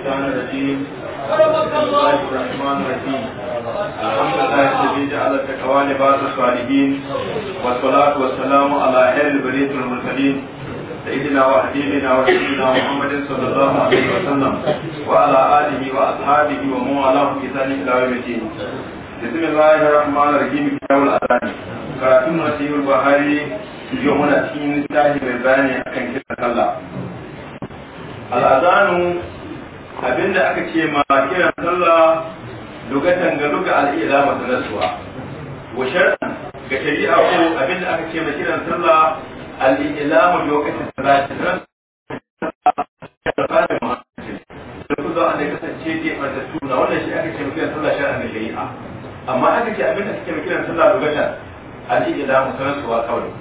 الشيطان الرجيم بسم الله الرحمن الرحيم الحمد لله الذي جعل التقوى لباس الصالحين والصلاة والسلام على خير البريد المرسلين سيدنا وحبيبنا وسيدنا محمد صلى الله عليه وسلم وعلى آله وأصحابه ومن والاه بإحسان إلى يوم الدين بسم الله الرحمن الرحيم كتاب الأذان كاتم رسيم البخاري يومنا تين تاهي بالباني أكن كتاب الله الأذان abinda aka ce ma kiran sallah lugatan ga luga al'ilama ta nasuwa wa shar'an ga shari'a ko abinda aka ce ma kiran sallah al'ilama lokacin salati ran da an da kasance ke wannan shi aka ce ma kiran sallah da shari'a amma aka ce abinda aka ce ma kiran sallah lugatan a ta nasuwa kawai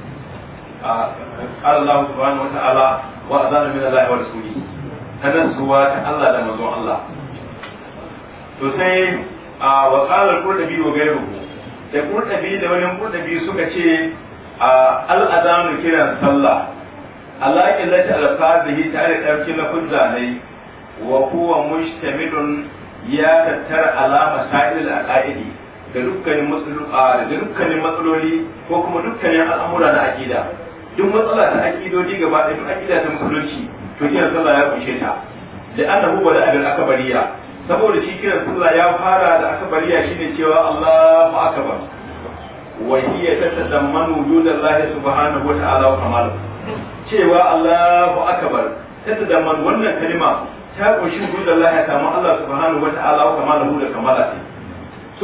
قال الله سبحانه وتعالى وأذان من kanan suwa ta Allah da mazo Allah to sai a wakalar kurdabi wa gairu da kurdabi da wani kurdabi suka ce al'adanu kiran sallah ala illati alfazihi tare da ɗauki na kuzzanai wa huwa mustamilun ya tattara alama sa'il da dukkanin matsaloli da dukkanin matsaloli ko kuma dukkanin al'amura na aƙida, duk matsala ta aƙidodi gaba ɗaya duk aqida ta musulunci to kiran sallah ya kunshe ta da annahu bada abin akabariya saboda shi kiran sallah ya fara da akabariya shine cewa Allahu akbar wa hiya tatadammanu wujudallahi subhanahu wa ta'ala wa kamalu cewa Allahu akbar tatadamman wannan kalima ta kunshi wujudallahi ya kama Allah subhanahu wa ta'ala wa kamalu da kamala ce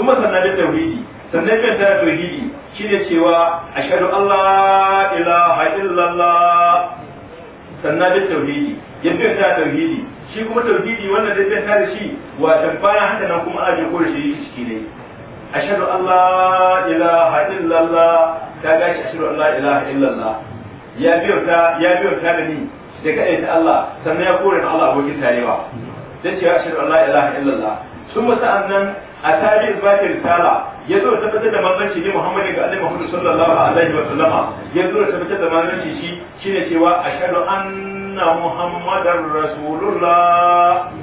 kuma sannan da tauhidi sannan da tauhidi shine cewa ashhadu an la ilaha illallah sannan da tauhidi ya ta tauhidi shi kuma tauhidi wannan da ta da shi wa tabbara haka nan kuma aje ko shi ciki ne ashhadu allah ilaha illallah ta ga shi ashhadu allah ilaha illallah ya biyo ta ya biyo ta da ni da ka ta Allah sannan ya kore da Allah abokin tarewa da ce ashhadu allah ilaha illallah sun sa'annan a tabi isbatin risala ya zo tabbatar da manzanci ne muhammadin ga Annabi Muhammad sallallahu alaihi wa sallama ya zo tabbatar da manzanci shi shine cewa ashhadu anna Muhammadar rasulullah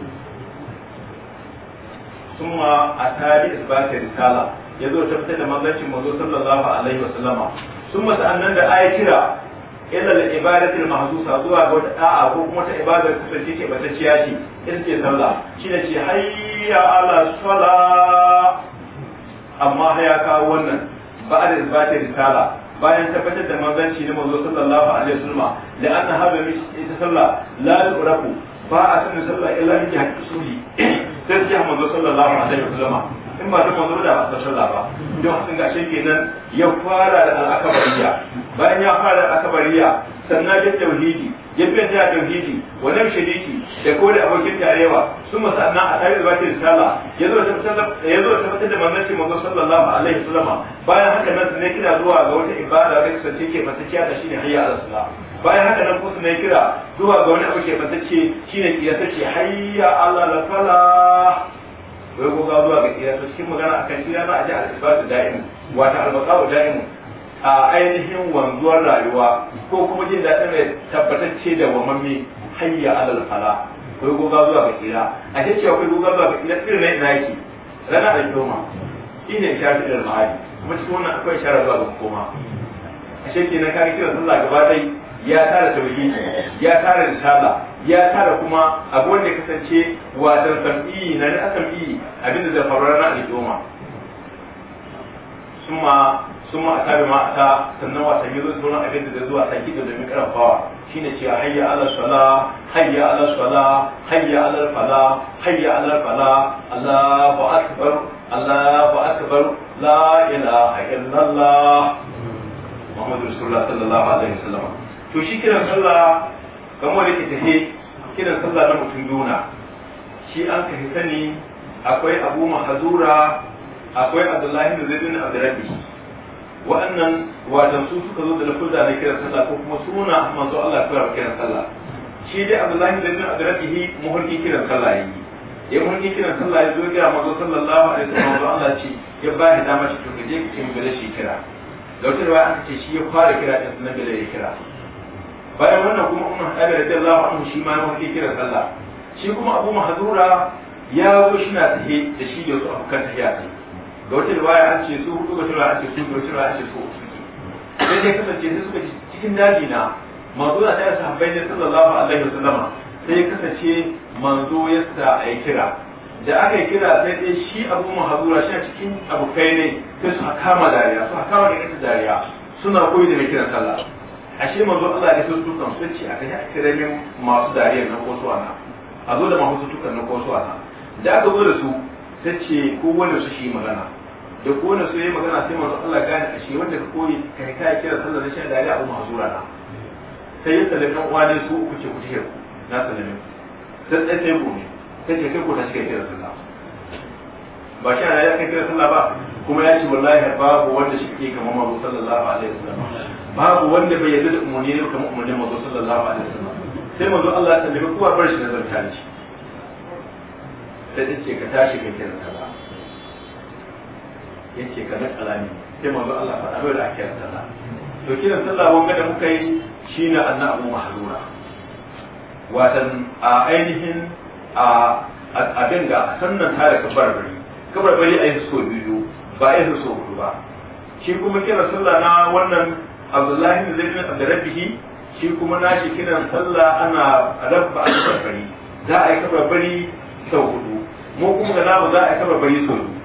thumma atari isbat risala ya zo tabbatar da manzancin manzo sallallahu alaihi wa sallama thumma sa'annan da ayi kira illa da ibadatul mahzusa zuwa ga wata da'a ko kuma ta ibadar kusanci ce batacciya shi ita ce sallah shine ce hayya ala salah amma ya kawo wannan ba da isbatin risala bayan tabbatar da manzanci na manzo sallallahu alaihi wasallam da anna hada min ita sallah la turaku ba a sanin sallah illa min haqqi suli sai ya manzo sallallahu alaihi wasallam in ba ta manzo da ba sallah ba don sun ga shi kenan ya fara da al'akabariya bayan ya fara da al'akabariya sannan da tauhidi jami'an ta tauhidi wa nan shiriki da ko da abokin tarewa sun musanna a tare da bakin sala ya zo ta fitar da manzanci manzo sallallahu alaihi sallama bayan haka nan ne kira zuwa ga wata ibada da ce ke fasakiya da shine hayya ala sala bayan haka nan kusa ne kira zuwa ga wani abu ke fasake shine kira ce hayya ala sala wai ko ga zuwa ga kira to cikin magana akan kira za a ji al-ibadu da'im wata al-baqa'u da'im a ainihin wanzuwar rayuwa ko kuma jin daɗin mai tabbatacce da wamammi hayya alal fala kai goga zuwa ga kira a ce cewa kai goga zuwa ga kira tsira na ina yake rana ɗoma. ina isharar ilal ma'adi kuma cikin wannan akwai isharar zuwa ga koma a shekke na kare kiran sallah gaba dai ya tara tauhidi ya tara risala ya tara kuma abu wanda ya kasance wasan sam'i na na sam'i abinda da faru rana al'umma summa sun ma aka ma aka sannan wasan yazo sauran abin da zai zuwa saki da domin karfawa shine cewa hayya ala sala hayya ala sala hayya ala fala hayya ala fala Allahu akbar Allahu akbar la ilaha illallah Muhammadu Rasulullah sallallahu alaihi wasallam to shi kiran sallah kamar yake tafi kiran sallah na mutum duna shi an ka sani akwai Abu Mahzura akwai Abdullahi da Zaid bin Abdurrahman wa'annan wato su suka zo da lafuzza na kiran sallah ko kuma suna manzo Allah kira kiran sallah shi dai Abdullahi da bin Adrabihi muhurki kiran sallah yayi ya muhurki kiran sallah ya zo ga manzo sallallahu alaihi wasallam manzo Allah ce ya ba shi dama shi tun je kin bala shi kira da aka ce shi ya fara kira din sunan bala ya kira bayan wannan kuma Ummu Hadi radiyallahu anhu shi ma muhurki kiran sallah shi kuma Abu Mahdura ya zo shi na tahe da shi da su abokan tafiya. ga wata riwaya an ce su hudu ga tura an ce su ga tura an ce su sai dai kasance sai suka cikin daji na manzo na tare sahabbai ne sallallahu alaihi wasallama sai ya kasance manzo ya sa a yi kira da aka yi kira sai dai shi abu mahazura shi a cikin abokai ne sai su kama dariya su kama da ita dariya suna koyi da mai kiran sallah ashe manzo Allah ya sun tukan sun ce a kai a kira ne masu dariyar na kosu na a zo da masu tukan na kosu na da aka zo da su ta ce ko wanda su shi magana da kona su yi magana sai manzo Allah gane a shi wanda ka koyi ka ta kira sallar shan da ya umma mahzura na sai ya sallame ɗan uwa su ku ce ku ce na sallame sai ɗan sai ne sai ce kai ko ta shiga kira sallah ba shi ana ya kai kira sallah ba kuma ya ce wallahi babu wanda shi ke kamar manzo sallallahu alaihi wasallam babu wanda bai yarda da umarni ne kamar umarnin manzo sallallahu alaihi wasallam sai manzo Allah ya sallame kowa bar shi na zarta sai ta ce ka tashi kai kira sallah yace ka da kalami sai manzo Allah faɗa dole a kira sallah to kiran sallah wanga da muka yi shine abu mahdura watan a ainihin a abin ga sannan ka barbari ka barbari a yi so biyu ba a yi so ba shi kuma kiran sallah na wannan abdullahi bin zaid da rabbihi shi kuma nashi kiran sallah ana rabba a barbari za a yi barbari sau hudu mu kuma da namu za a yi barbari sau biyu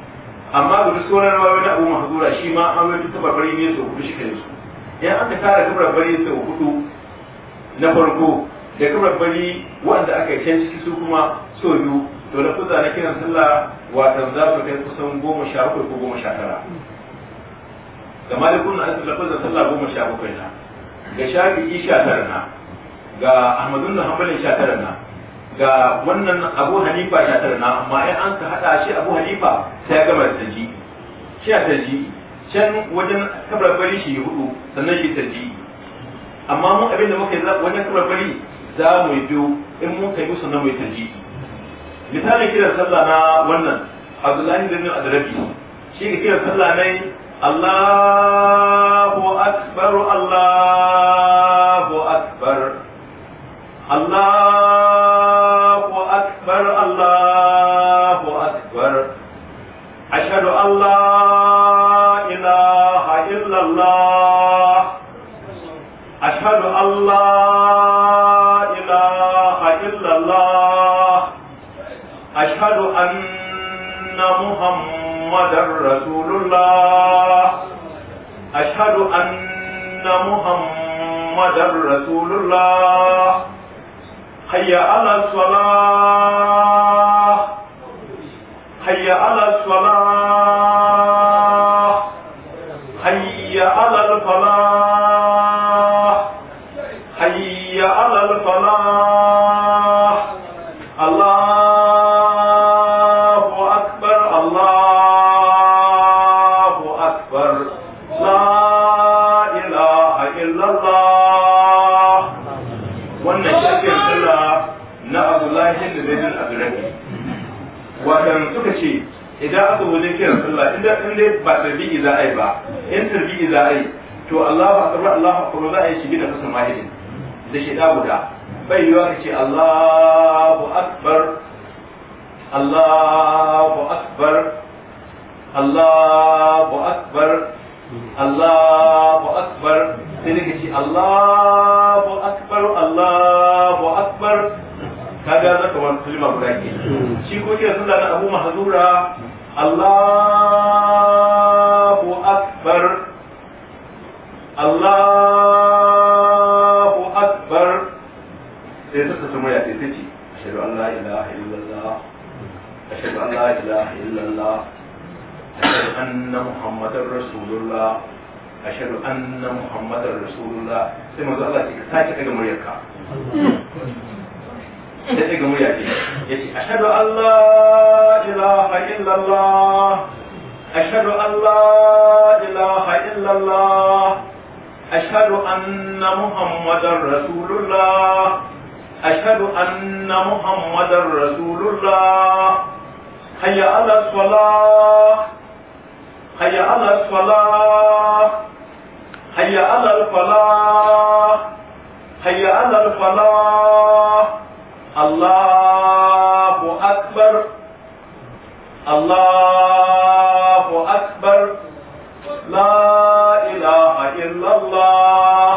amma da su sauran ba na abu mahzura shi ma an wani ta barbari ne sau hudu shi su in aka kara bari barbari sau hudu na farko da ka barbari wanda aka yi can ciki su kuma so biyu to na kuza na kiran sallah watan za su kai kusan goma sha bakwai ko goma sha tara da malikun na asibila kuza sallah goma sha bakwai na ga shafi'i sha tara na ga ahmadun na hanbalin sha tara na ga wannan abu hanifa ya tara na amma in an ka hada shi abu hanifa sai ya gama tarji shi ya tarji can wajen kabar bari shi hudu sannan shi tarji amma mu abin da muka yi wajen kabar bari za mu yi biyu in mun kai musu na mu yi tarji misali kiran sallah na wannan abdullahi bin adrabi shi ne kiran sallah ne Allahu akbar Allahu akbar Allah أكبر أشهد أن لا إله إلا الله أشهد أن لا إله إلا الله أشهد أن محمدا رسول الله أشهد أن محمدا رسول الله حي على الصلاة hayya ala su sala dai ba tarbiyi za a yi ba in tarbiyi za a yi to Allahu akbar Allahu akbar za a yi shi da fasan wahidin da shi guda bai yiwa ka ce Allahu akbar Allahu akbar Allahu akbar Allahu akbar sai da ce Allahu akbar Allahu akbar kaga zaka wani kalma guda ke shi ko ke sunna na Abu Mahzura Allah لا إله إلا الله أشهد أن محمدا رسول الله أشهد أن محمدا رسول الله sai manzo Allah ce ka sake daga muryarka sai daga murya ce yace ashhadu an la ilaha illa Allah ashhadu an la ilaha illa Allah ashhadu anna muhammadar rasulullah ashhadu anna muhammadar rasulullah حي على الصلاة حي على الصلاة حي على الفلاح حي على الفلاح الله أكبر الله أكبر لا إله إلا الله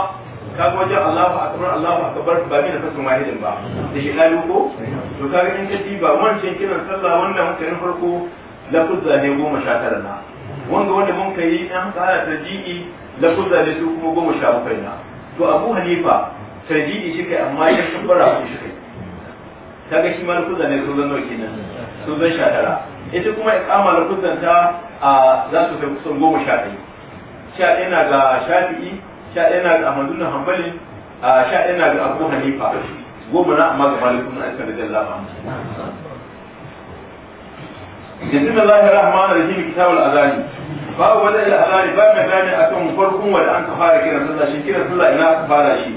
كم وجه الله أكبر الله أكبر بامين فسمعهم با دي قالوا to kaga in ka diba wancan kiran sallah wanda muka yi farko lafuzza ne goma sha tara na wanda wanda mun kai an kara tarji'i lafuzza ne su kuma goma sha bakwai na to abu hanifa tarji'i shi kai amma ya tabbara su shi kai kaga shi ma lafuzza ne sun zan kenan sun zan sha tara ita kuma iqama lafuzzan ta za su kai kusan goma sha ɗaya sha ɗaya na ga shafi'i sha ɗaya na ga ahmadu na hanbali sha ɗaya na ga abu hanifa goma na amma ga malikun na aka da lama yanzu da zahir rahman rahim kitabul azani babu wani da azani ba mai gane akan farkon wanda an ka fara kiran sallah shi kiran sallah ina aka fara shi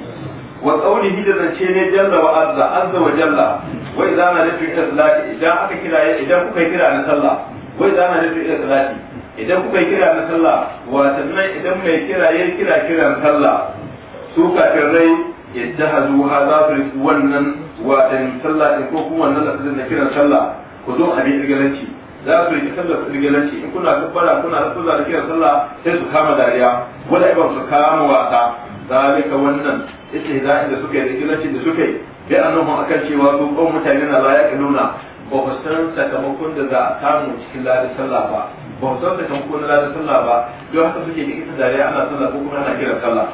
wa qawlihi da ce ne jalla wa azza azza wa jalla Wai idza na lafi ila salati idan aka kira idan kuka kira na sallah Wai idza na lafi ila salati idan kuka kira na sallah wa sannan idan mai kira ya kira kiran sallah su kafin rai yajtahaduha za su riki wannan watan sallah ko kuma wannan da na kiran sallah ku zo a bi irgalanci za su riki sallah su irgalanci in kuna kubbara kuna sallah da kiran sallah sai su kama dariya wala ibam su kama wasa zalika wannan ita da suka yi irgalancin da suka yi bi annahum akan cewa su ko mutane na la yaqiluna ba ku san sakamakon da za a samu cikin ladin sallah ba ba ku san sakamakon na ladin sallah ba don haka suke da ita dariya ana sallah ko kuma ana kiran sallah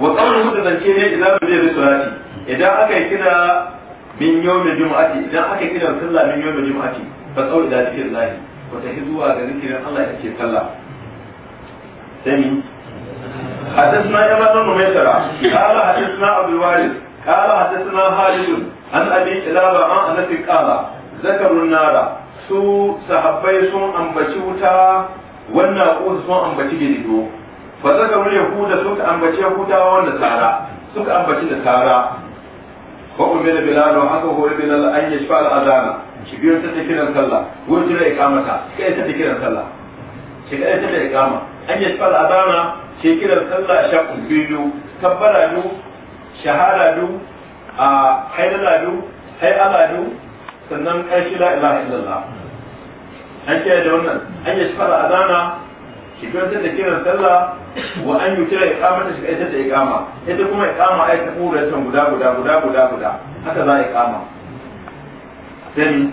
wa qawluhu da ne idan bai da salati idan aka yi kira min yawmi idan aka yi kira sallah min yawmi jumu'ati fa qawl ila zikrillahi wa tahzuwa ga zikirin Allah yake sallah sai ni حدثنا يا بن قال حدثنا أبو الوارث قال حدثنا خالد عن أبي كلابة عن أنس قال ذكروا النار su sahabbai sun ambaci wuta wannan sun ambaci gidigo fa zaka wuri yahuda suka ambace yahudawa wanda tsara suka ambaci da tsara fa umira bilal wa haka hore al an yashfa al adana shi biyo ta kiran sallah wurin da ikamata kai ta kiran sallah shi kai ta ikama an yashfa al adana shi kiran sallah shaqu biyu kabbara du shahada du a haidala du hayala du sannan karshe la ilaha illallah an ce da wannan an yashfa al adana shi da kiran sallah wa an yi kira iqama ta shiga da iƙama, ita kuma iqama ai ta kura ta guda guda guda guda guda haka za a iqama sai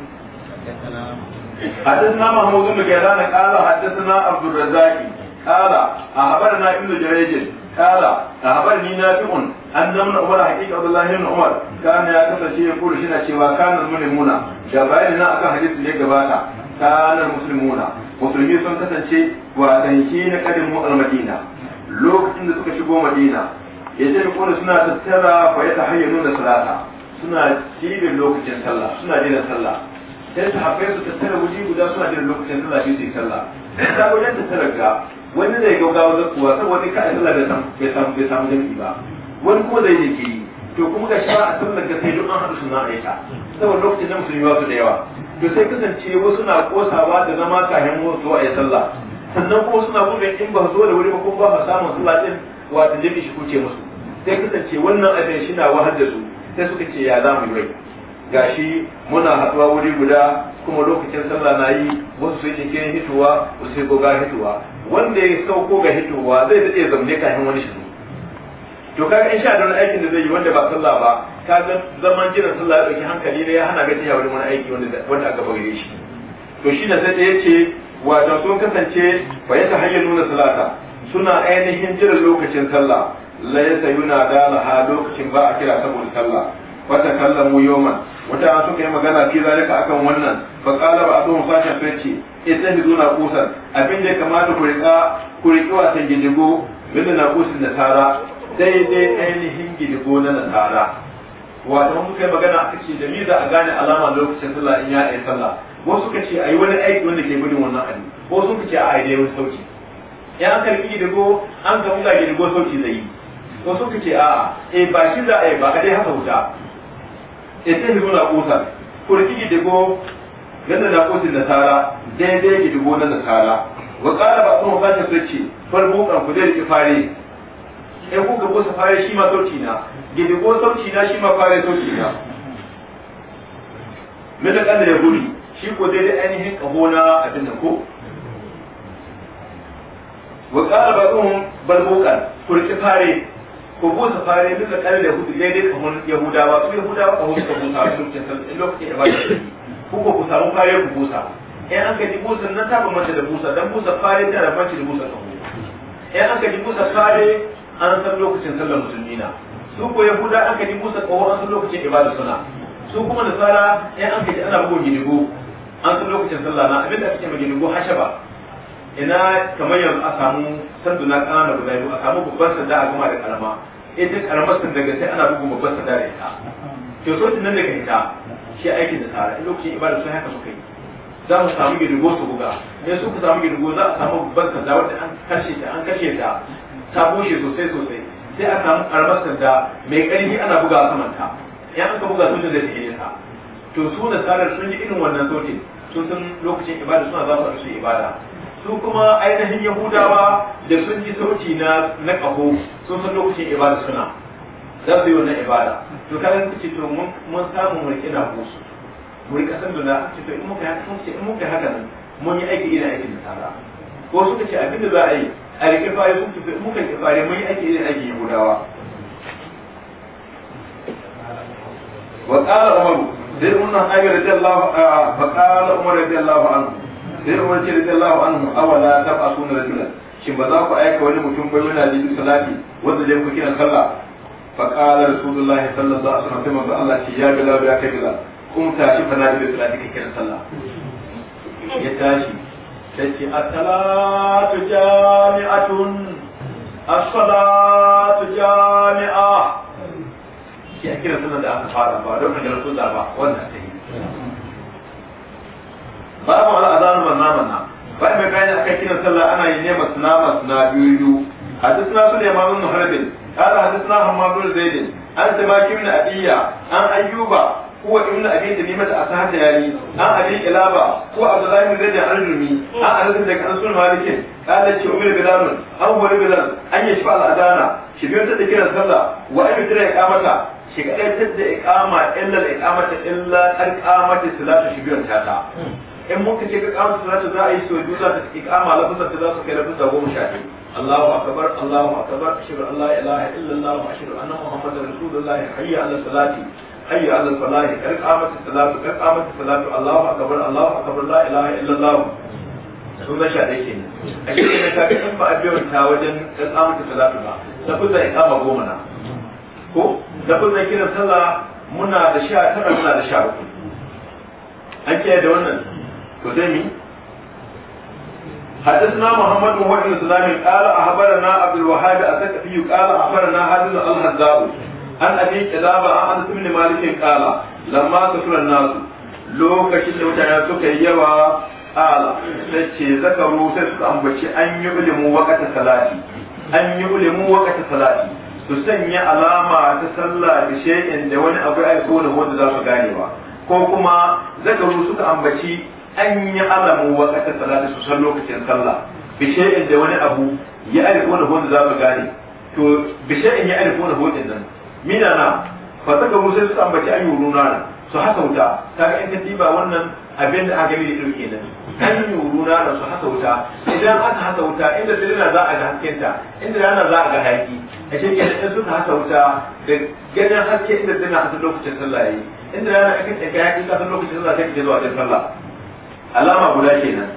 حدثنا محمود بن كيلان قال حدثنا عبد الرزاق قال أخبرنا ابن جريج قال أخبرني نافع أن من عمر حقيقة عبد الله بن عمر كان يكتب يقول شنا شيء وكان المسلمون جبائلنا أكا حديث لك gabata كان المسلمون musulmi sun kasance wasanki na kadimu al-madina lokacin da suka shigo madina ya ce kuna suna tattara fa ya tahayyanu da salata suna cibin lokacin sallah suna dina sallah sai su haɓe su tattara wuji guda suna dina lokacin sallah shi su yi sallah ta wajen tattara ga wani zai gaugawa da kuwa sai wani ka'a sallah bai samu bai samu jami'i ba wani kuma zai jiki to kuma ga shi ba a sallar ga sai duk an haɗu suna aika saboda lokacin da musulmi ba su da yawa to sai kasance wasu na kosawa da zama kayan wasu a yi sallah sannan kuma suna gudu in ba zo da wuri ba kuma ba samun sallah din wato jami'i shi kuce musu sai kasance wannan abin shi na wahar da su sai suka ce ya za mu yi rai gashi muna haɗuwa wuri guda kuma lokacin sallah na yi wasu sai jikin hituwa wasu sai goga hituwa wanda ya sauko ga hituwa zai daɗe zamne kayan wani shi to kaga in sha da aikin da zai yi wanda ba sallah ba kaga zaman jiran sallah ya dauki hankali ne ya hana ga tafiya wani aiki wanda wanda aka bagare shi to shi da sai da yace wato sun kasance fa yata nuna salata suna ainihin jiran lokacin sallah la yasayuna dalaha lokacin ba a kira saboda sallah wata kallamu yawman wata an suka yi magana fi zalika akan wannan fa qala ba'dhum sashan sai ce istahiduna qusan abin da kamata ku riƙa ku riƙi wasan gidigo bidda na tara. tara daidai ainihin gidigo na nasara wato mun kai magana aka ce da me za a gane alama lokacin sallah in ya yi sallah wasu suka ce ayi wani aiki wanda ke gudun wannan abu wasu suka ce a dai wani sauki ya an karbi gidigo an ka buga gidigo sauki zai yi wasu suka ce a eh ba shi za a yi ba ka dai haka wuta eh sai hizo na kusa kurki gidigo yadda na kusin nasara daidai gidigo na nasara wa qala ba kuma fashe sace farbo kan ku dai ki fare sai kuka gabo sa shi ma sauti na gidi ko sauti na shi ma fare sauti na mutum kan da ya gudu shi ko zai da ainihin kaho na abin da ko wa qala ba'dhum bal buqan kurki fare ko ko fara fare duka kan da hudu dai dai kamar yahudawa su yahudawa kaho suka busa sun ce sai lokacin ibada ku ko ku samu fare ku busa in an ka ji busan nan ta ba mace da busa dan busa fare ta da mace da busa kaho in an ka ji busa fare an san lokacin sallar musulmi na su ko yahuda aka yi musa kawo an san lokacin ibada suna su kuma da tsara ya eh, an kaji ana bugu gidigo an san lokacin sallah na abinda ake ma gidigo hashaba ina kamar yanzu a samu sanduna ƙanana guda biyu a samu babban sanda a gama da karama ita karamar sanda ga sai ana bugu babban sanda da ita to so nan da kanta shi aikin da tsara in lokacin ibada sun haka suka yi za mu samu gidigo su buga in su ku samu gidigo za a samu babban sanda wanda an kashe ta an kashe ta ta bushe sosai sosai sai a samu karamar sanda mai ƙarfi ana buga saman ta ya aka buga sojin da take ta to su na tsarar sun ji irin wannan sautin sun san lokacin ibada suna za su su ibada su kuma ainihin yahudawa da sun ji sauti na na kaho sun san lokacin ibada suna za su yi wannan ibada to kaga ce to mun samu mu rike na busu mu rika san da na ce to in muka haka in haka mun yi aiki ina aikin da tsara ko suka ce da za a yi a rike fare muka ke fare mun ake yin ake gudawa wa qala umar sai umar abi radiyallahu fa qala umar da radiyallahu anhu sai umar ce radiyallahu anhu awala tab'asuna rajulan shin ba za ku aika wani mutum bai wani da salati wanda zai ku kiran sallah fa qala rasulullahi sallallahu alaihi wasallam sai manzo Allah ce ya bilal ya kai bilal kun tashi fa na bi salati kiran sallah ya tashi تجي الصلاة جامعة الصلاة جامعة shi a kira sunan da aka fara ba don ka garsu da ba wannan ta yi ba ba wala azanu manna manna ba mai bayani akan kiran sallah ana yi ne masna masna biyu حدثنا سليمان بن حرب قال حدثنا حماد بن An عن سباك بن أبية عن أيوب هو ابن ابي تميمه الاسهتياني عن ابي قلابه هو عبد الله بن زيد الجرمي عن انس بن انس مالك قال شي عمر بلال اول بلال ان يشفع الاذان shi biyo ta dake sallah wa an yutra iqamata shi ga dai tadda iqama illa al-iqamata illa al-iqamata salatu shi biyo ta ta in muka ce kama salatu za a yi so duka ta iqama lafazar ta za su kai lafazar goma sha Allahu akbar Allahu an la ilaha illa Allah wa ashhadu anna Muhammadar حي على falahi kar qamat salatu kar qamat salatu Allahu اكبر Allahu akbar la ilaha illa Allah sun ga sha dai kenan a cikin ka kan ba abiyar ta wajen kar qamat salatu ba lafuz da iqama goma na ko lafuz da kiran sallah muna da sha tara muna da sha uku an kiyaye da wannan to zai mi حدثنا محمد بن وائل الاسلامي قال اخبرنا عبد الوهاب الثقفي قال اخبرنا حدثنا الحذاوي an abi kilaba an anas ibn malikin kala lamma kafara nasu lokacin da mutane suka yi yawa ala sai ce zakaru sai su ambaci an yi ulimu wakata salati an yi ulimu wakata salati su sanya alama ta sallah da shay'in da wani abu ai ko ne wanda za su gane ba ko kuma zakaru suka ambaci an yi alamu wakata salati su san lokacin sallah bi shay'in da wani abu ya ai ko ne wanda za su gane to bi shay'in ya ai ko ne wanda nan mina na fa saka musa su ambaci ayu na su hasauta ta in ka ba wannan abin da aka yi da ɗauke nan an yi wuruna na su hasauta wuta idan aka hasauta wuta inda dalila za a ga haskenta inda rana za a ga hayaki a ce ke da su hasa wuta da ganin haske inda dalila a lokacin sallah yayi inda rana aka ta ga a kafin lokacin sallah sai ke zuwa da sallah alama guda kenan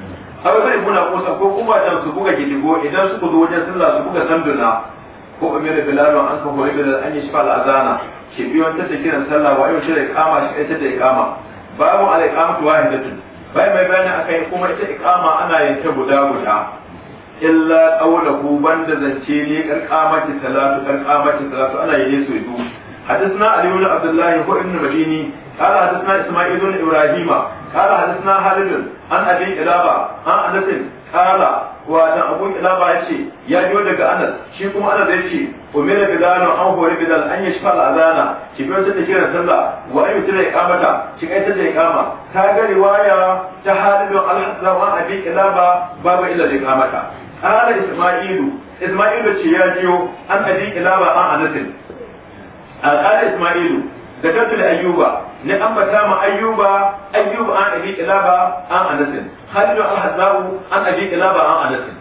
abu bai muna kosa ko kuma dan su buga gidigo idan su zo wajen sallah su buga sanduna ko da bilal an ko hore bilal an yi al-azana shi biyo ta ta kiran sallah wa yau shi da kama shi ita da iqama babu al-iqamatu wahidatun bai mai bayani akai kuma ita iqama ana yin ta guda guda illa qawluhu banda zance ne karqamati salatu karqamati salatu ana yin su biyu حدثنا علي بن عبد الله هو ابن المديني قال حدثنا اسماعيل بن ابراهيم قال حدثنا خالد عن ابي قلابه عن انس kala wa dan abun kilaba ya ce ya jiyo daga anas shi kuma anas yace ce umira bidalu an hori bidal an yashfa al'azana ki bi wata kiran sallah wa ayu tira iqamata ki kai ta iqama ta ga riwaya ta halibin al-hazza wa abi Ilaba babu illa iqamata qala isma'ilu isma'ilu ce ya jiyo an abi Ilaba an anas al isma'ilu da katul ayyuba an ambata ma ayyuba ayyuba an abi ilaba an anasin khalidu al hazabu an abi ilaba an anasin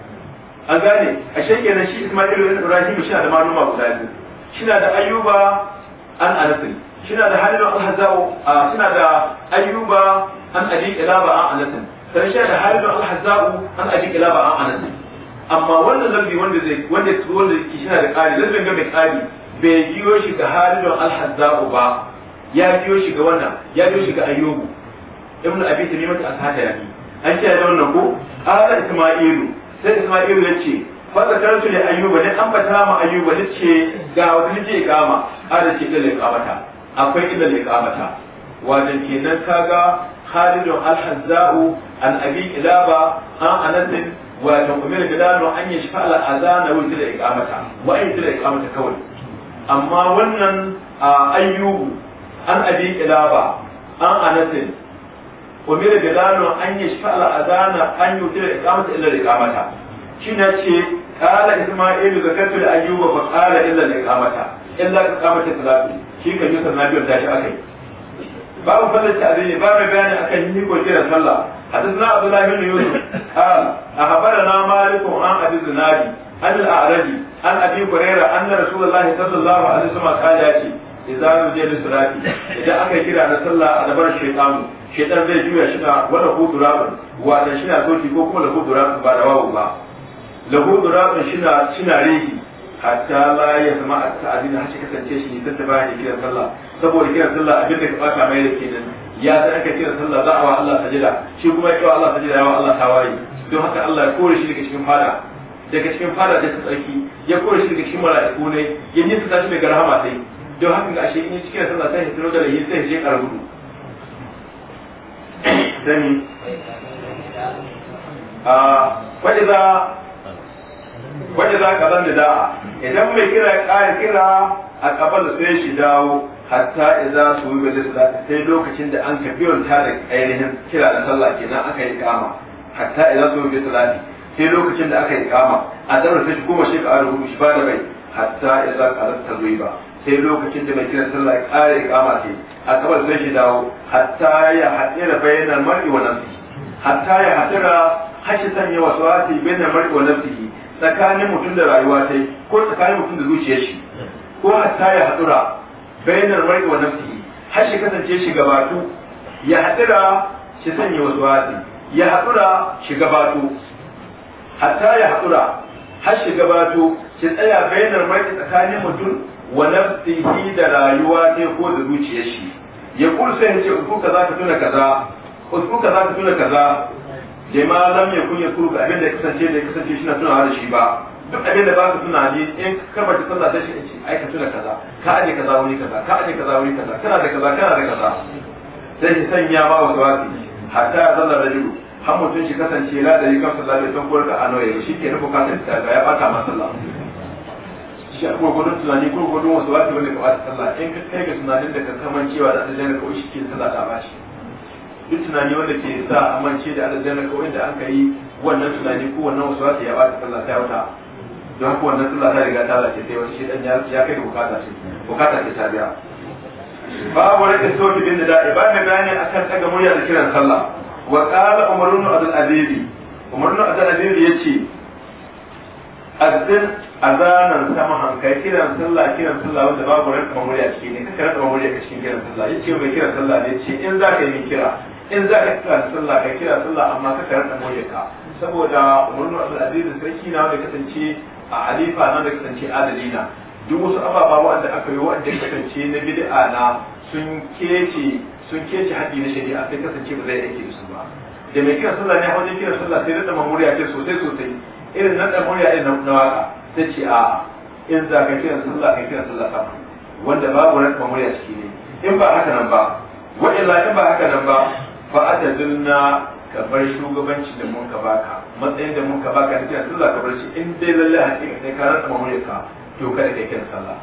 an gane a shekenan shi isma'ilu ibn ibrahim shi da maluma guda biyu shi da ayyuba an anasin shi da khalidu al hazabu shi da ayyuba an abi ilaba an anasin sai shi da khalidu al hazabu an abi ilaba an anasin amma wannan lambi wanda zai wanda wanda shi da kari lambin ga mai kari bai yi shi da khalidu al hazabu ba ya biyo shi ga wannan ya biyo shi ga ayyubu ibnu abi tamimatu as-hadayi an ce da wannan ko ala isma'ilu sai isma'ilu ya ce fa zakartu li ayyubu ne an bata ma ayyuba ne ce ga wani je kama ala ce ilal iqamata akwai ilal iqamata wajen kenan kaga khalidun al-hazza'u an abi ilaba an anasin wato umar bilal an yi shafa al-azana wa tila iqamata wa ay tila kawai amma wannan ayyubu an abi ilaba an anasin umira bilalun an yashfa al'adana an yutira iqamata illa iqamata shi na ce kala isma'ilu zakatu da ayyuba ba kala illa iqamata illa iqamata salatu shi kan yusuf na biyar tashi akai babu fadlan ta'zini babu bayani akan ni ko kira sallah A عبد الله an يوسف قال أخبرنا مالك عن أبي الزنادي عن الأعرج عن an هريرة أن رسول الله صلى الله عليه وسلم قال ce. idan mu je lisrafi idan aka kira na sallah a dabar shaytanu shaytan zai juya shi na wala hudurabun wa da shi na soki ko kuma lahu durabun ba da wawu ba lahu durabun shi na shi na rigi hatta la ya zama a ta'adina har shi kasance shi ta ta bayan kiran sallah saboda kiran sallah abin da ka fata mai da kenan ya san aka kira sallah za a wa Allah sajida shi kuma ya wa Allah sajida ya wa Allah tawaye don haka Allah ya kore shi daga cikin fada daga cikin fada da ta tsarki ya kore shi daga cikin mala'iku ne ya nisa tashi daga rahama sai don haka ga ashe in cikin sallah sai ya da lahi sai ya je karbudu dani a wajiza da kaban da da idan mai kira ya kira a kafar sai shi dawo hatta su yi bada sallah sai lokacin da an kafiyar ta da ainihin kira da sallah kenan aka yi kama hatta su yi bada sallah sai lokacin da aka yi kama a zarar sai goma shi ka rubuta shi ba da bai hatta zan ta zuwa sai lokacin da mai kiran sallah ya ƙara kama ce a kabar sai shi dawo hatta ya hadira bayanan mar'i wa nafsi hatta ya hadira hashi sanya wasu wasi bayanan mar'i wa nafsi tsakanin mutum da rayuwa sai ko tsakanin mutum da zuciyar shi ko hatta ya hadura bayanan mar'i wa nafsi hashi kasance shi gabatu ya hadira shi sanya wasu wasi ya hadura shi gabatu hatta ya hadura har shi gabatu shi tsaya bayanar mai tsakanin mutum wa nafsihi da rayuwa ne ko da zuciyar shi ya kursa ya ce usku kaza ka tuna kaza usku kaza ka tuna kaza jama lam yakun yakuru abin da kasance da kasance shi na tunawa da shi ba duk abin da baka tuna ne in karba ta sallah sai shi ai ka tuna kaza ka aje kaza wuri kaza ka aje kaza wuri kaza kana da kaza kana da kaza sai shi sanya ba wasu wasi hatta ya zalla rajulu har mutum shi kasance la da yi kan sallah bai san ko anoye shi ke rubuta ta ya bata masallah shi a gwagwadon tunani ko gwagwadon wasu wata wani kawai sallah in ka kai ga tunanin da ka kaman cewa da aljanna kawai shi ke sallah ta bashi duk tunani wanda ke sa amince da aljanna kawai da an ka yi wannan tunani ko wannan wasu wata ya bata sallah ta wata don haka wannan sallah ta riga ta lace sai wani shedan ya kai da bukata ce bukata ce ta biya babu wani sauti bin da da'i ba mai bayani akan daga murya da kiran sallah wa qala umarun abdul azizi umarun abdul azizi yace azzin azanan sama hankali kiran sallah kiran sallah wanda babu ran kamar murya cikin ne kaka rasa murya cikin kiran sallah ce mai kiran sallah ne ce in za ka yi kira in za ka kira sallah ka kira sallah amma kaka rasa murya ka saboda umarnu al-aziz sarki na wanda kasance a alifa na da kasance na duk wasu ababa wanda aka yi wanda kasance na bid'a na sun kece sun kece haddi na shari'a sai kasance ba zai aiki da su ba da mai kiran sallah ne a wajen kiran sallah sai da murya ce sosai sosai irin nan da murya irin na waka ta ce a in za ka kira sallah ka kira sallah sama wanda babu ran murya ciki ne in ba haka nan ba wa illa in ba haka nan ba fa atadunna ka bar shugabanci da mun ka baka matsayin da mun ka baka da kira sallah ka bar shi in dai lalle hakika sai ka rantsa murya ka to kada ka kira sallah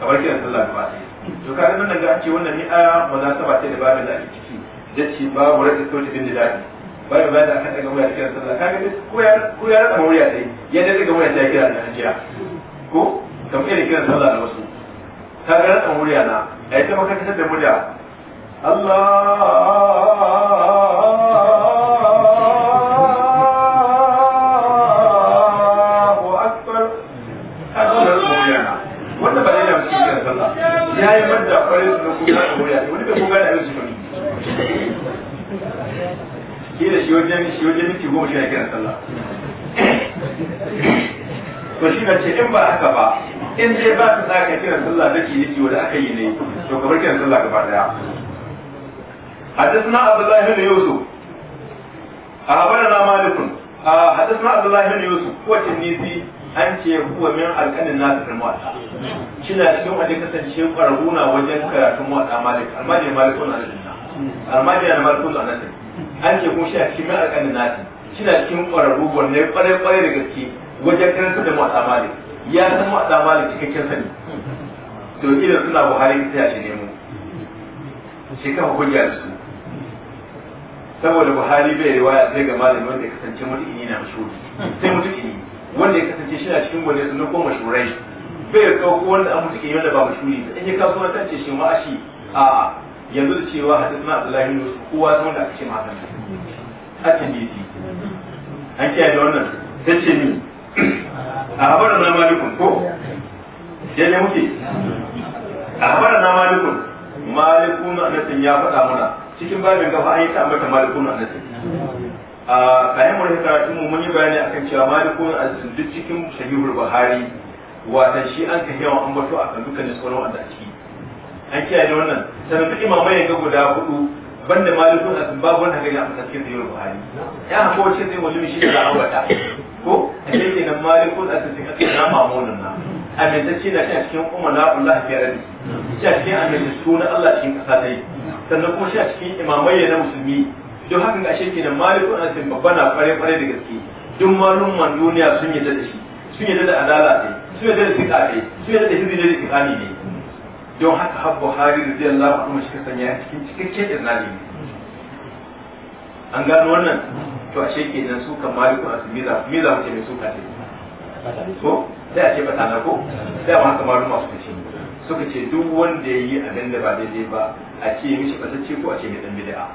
ka bar kiran sallah ba ɗaya to kaga nan daga an ce wannan ni aya ba ta da babin da ake ciki da ce babu rantsa sauti bin da dadi ba da ba da kan daga murya kira sallah kaga ne ko ya ko ya dai ya daga murya ta kira da hajiya ko kamar irin kiran sallah na wasu na ai ta maka da murya Allah ya yi madda kwarai da kuma da wani da kuma da yanzu kila shi wajen shi wajen minti goma shi na kiran sallah to shi na ce in ba haka ba in dai ba ka saka kira sallah da ke yake wanda aka yi ne to kamar kiran sallah ka gaba daya حدثنا عبد الله بن يوسف أخبرنا مالك حدثنا عبد الله بن يوسف هو التنيسي an ce huwa min alƙalin na da muwaɗa shina cikin wanda kasance ƙwararruna wajen karatun muwaɗa malik almajiyar malikun aljanna almajiyar malikun aljanna an ce kuma shi a cikin mai alƙalin nasi shi na cikin ƙwararru gwanne ƙwarai ƙwarai da gaske wajen karanta da mata malik ya san mata malik cikakken sani to idan suna buhari ta a shi nemo shi kan hujja da su saboda buhari bai riwaya sai ga malamin wanda ya kasance mutu'ini na mashuri sai mutu'ini wanda ya kasance shi na cikin gwanne sun ko mashurai bai kawo wanda an mutu'ini wanda ba mashuri in ya kasuwa ta ce shi ma'ashi a'a yanzu da cewa hadisin Abdullahi ne kowa sun da ake mata hakan ne ji an kiyaye da wannan tace ni a habar na malikun ko ya ne muke a habar na malikun malikun anasin ya faɗa mana cikin babin gaba an yi ta ambata malikun anasin a kayan murhi karatu mu mun yi bayani akan cewa malikun anasin duk cikin shahihul buhari wata shi an ka yawan ambato akan dukkanin sauran wanda a ciki an kiyaye wannan sannan duk imamai ga guda hudu banda malikun asin babu wanda gani a cikin sayyid buhari ya hako wace sai mutum shi da awata ko a cikin nan malikun asin sai kake na mamunan na amintacce na shi a cikin umara Allah ya rabi shi a cikin amintacce na Allah cikin kasa yi. sannan kuma shi a cikin imamai na musulmi don haka ga shi nan malikun asin babba na kware kware da gaske duk man duniya sun yadda da shi sun yadda da adala ne sun yadda da sika ne sun yadda da hizbi da sikani ne don haka har hari da zai Allah kuma shi sanya cikin cikakken irnani an gano wannan to ashe kenan su kan maliku a su miza miza wace mai suka ce ko sai a ce ba na ko sai a haka malu masu kace suka ce duk wanda ya yi abin da ba daidai ba a ce mishi batacce ko a ce mai dan bida'a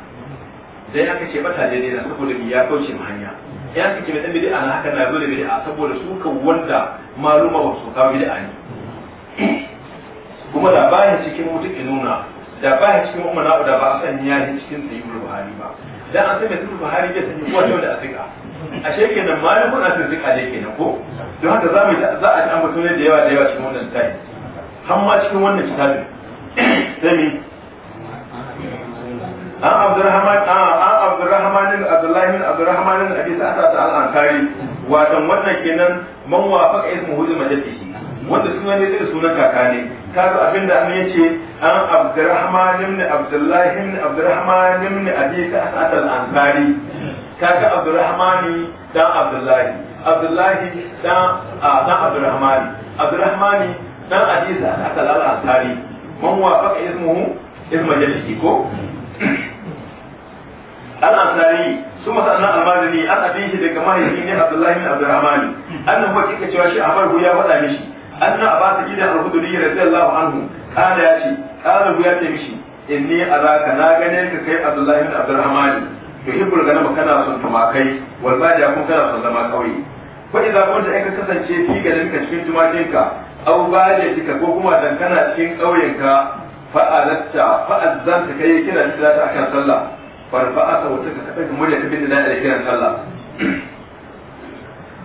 dai aka ce bata daidai na saboda ya kauce mu hanya ya aka ce mai dan bida'a na haka na zo da bida'a saboda su kan wanda maluma ba su kawo bida'a ne kuma da bayan cikin mutu nuna da bayan cikin umana da ba a san yi cikin sayyidul buhari ba dan an san sayyidul buhari bai san kowa da azika a nan kenan malamin na san zika ke kenan ko don haka za mu za a ji ambato ne da yawa da yawa cikin wannan tsari har ma cikin wannan kitabin sai an abdurrahman an abdurrahman abdullahi abdurrahman abi sa'ata al-ansari dan wannan kenan man wafaqa ismu hudu majlisihi wanda suna ne da suna kaka ne kaga abin da ya ce an abdurrahman ibn abdullahi ibn abdurrahman ibn abi sa'ad al-ansari kaga abdurrahmani dan abdullahi abdullahi dan dan abdurrahmani abdurrahmani dan abi sa'ad al-ansari man wafaqa ismuhu ismu jalisi ko al-ansari ثم سألنا المالني أن أبيه لك ما هي دين عبد الله بن عبد الرحمن أنه هو كيك تواشي أمر ya faɗa ولا anna abasa gidan al-hudri radiyallahu anhu kana ya ce kana ya ce mishi inni araka na gane ka kai abdullahi ibn abdurrahman yuhibbul ganama kana son tumakai wal baja kun kana son zama kauye ko idza kunta ai ka kasance fi garin ka cikin tumakinka aw baje kika ko kuma dan kana cikin kauyen ka fa'alatta fa'azzanta kai kira da ta akan sallah farfa'ata wata ka kada murya ta bin da kiran sallah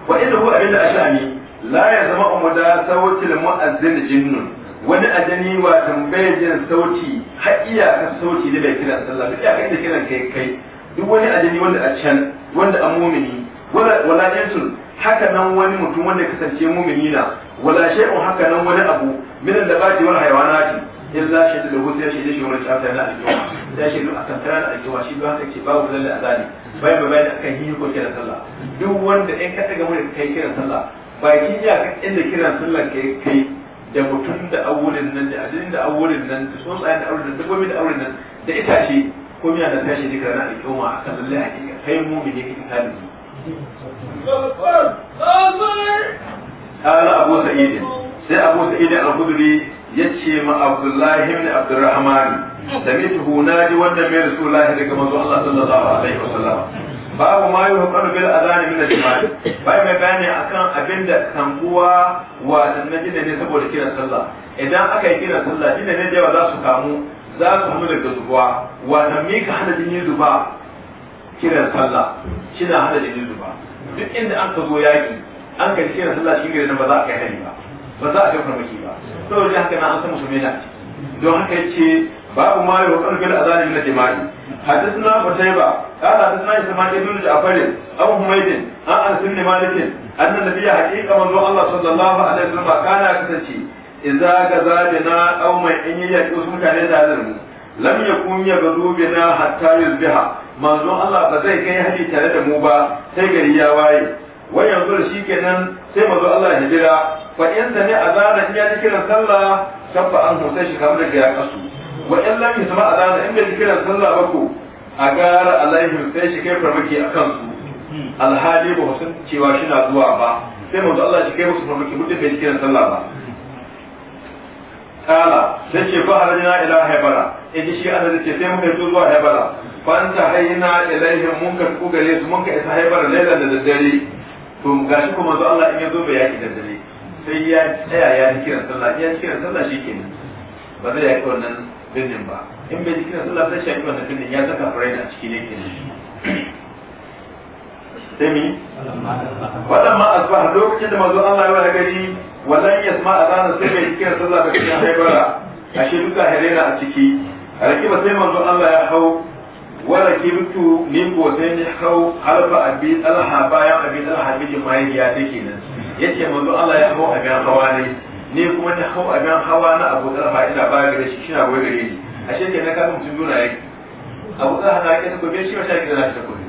wa idza huwa bil ashani la ya zama umada sautil mu'azzin jinnun wani ajani wa tambayar jin sauti har iyaka sauti da bai kira sallah duk iyaka inda kiran kai kai duk wani ajani wanda a can wanda a mumini wala wala jinsun haka nan wani mutum wanda kasance mumini na wala shay'un haka nan wani abu min al-dabati wal hayawanati illa shaidu da hutu ya shaidu shi wani shafi na aljiwa ya shaidu a kan tara da aljiwa shi ba ce babu lalle azali bayan bayan akan yi ko kiran sallah duk wanda in ka taga mun kai kiran sallah baki ya ka inda kiran sallah kai kai da mutum da awulin nan da adin da awulin nan da tsuntsaye da awulin nan da dabbobi da awulin nan da itace ko miya da tashi dika na alƙoma a kan lallai hakika kai mumini kake talibi قال أبو سعيد سي أبو سعيد الخدري يتشي مع عبد الله بن عبد الرحمن سمعته نادي wanda رسول الله لك الله صلى الله عليه وسلم babu ma yi hukaru bil azani min al-iman bai mai bayani akan abinda da kan wa nan jinda ne saboda kiran sallah idan aka yi kiran sallah jinda ne da za su kamu za su mu daga zuwa wa nan me ka hada jini zuba kiran sallah kina hada jini zuba duk inda an ka zo yaki an ka kiran sallah shi ne ba za a kai hari ba ba za a kai farmaki ba saboda haka na an san musulmi na don haka yace babu ma ya rukan na azani min jima'i hadithna qutayba qala hadithna isma'il ibn ja'far aw humayd an anas ibn malik anna nabiyya haqiqa manzo Allah sallallahu alaihi wasallam kana kace idza gazalina aw mai in yaki wasu mutane da zalmu lam yakun ya gazo bina hatta yusbiha manzo Allah ba zai kai haji tare da mu ba sai gari ya waye yanzu wayan zuwa shikenan sai manzo Allah hijira fa in sami azana in ya kiran sallah sabba an hutai shi kamar da ya kasu wa in lam yasma adana in bai kiran sallah ba ko a gara alaihim sai shi kai farmaki a kansu alhali ba sun cewa shi na zuwa ba sai manzo Allah shi kai musu farmaki mutum bai kiran sallah ba kala sai ce fa harajina ila haibara yaji shi Allah ce sai muka yi zuwa haibara fanta hayina ilaihim mun ka ku gare su mun ka isa haibara laila da daddare to gashi kuma zo Allah in ya zo bai yaki daddare sai ya tsaya ya kiran sallah ya kiran sallah shikenan ba zai yaki wannan birnin ba in bai jikin sallah sai shafi wannan birnin ya saka farai da a ciki ne sai mi waɗannan asbah lokacin da mazo Allah ya wani gari wallan yasma azana sai bai jikin sallah ba cikin haibara shi duka herena a ciki A rakiba sai manzo Allah ya hau wala kibtu ni ko sai ni hau halfa abi talha bayan abi talha bijin mahaifiya take nan yace manzo Allah ya hau a ga hawa ne ne kuma ta hau a hawa na abu talha ina ba gare shi shi na goyi gare ni a shekai na kafin mutum duna yake abu talha na kai takobi shi wata yake da nashi takobi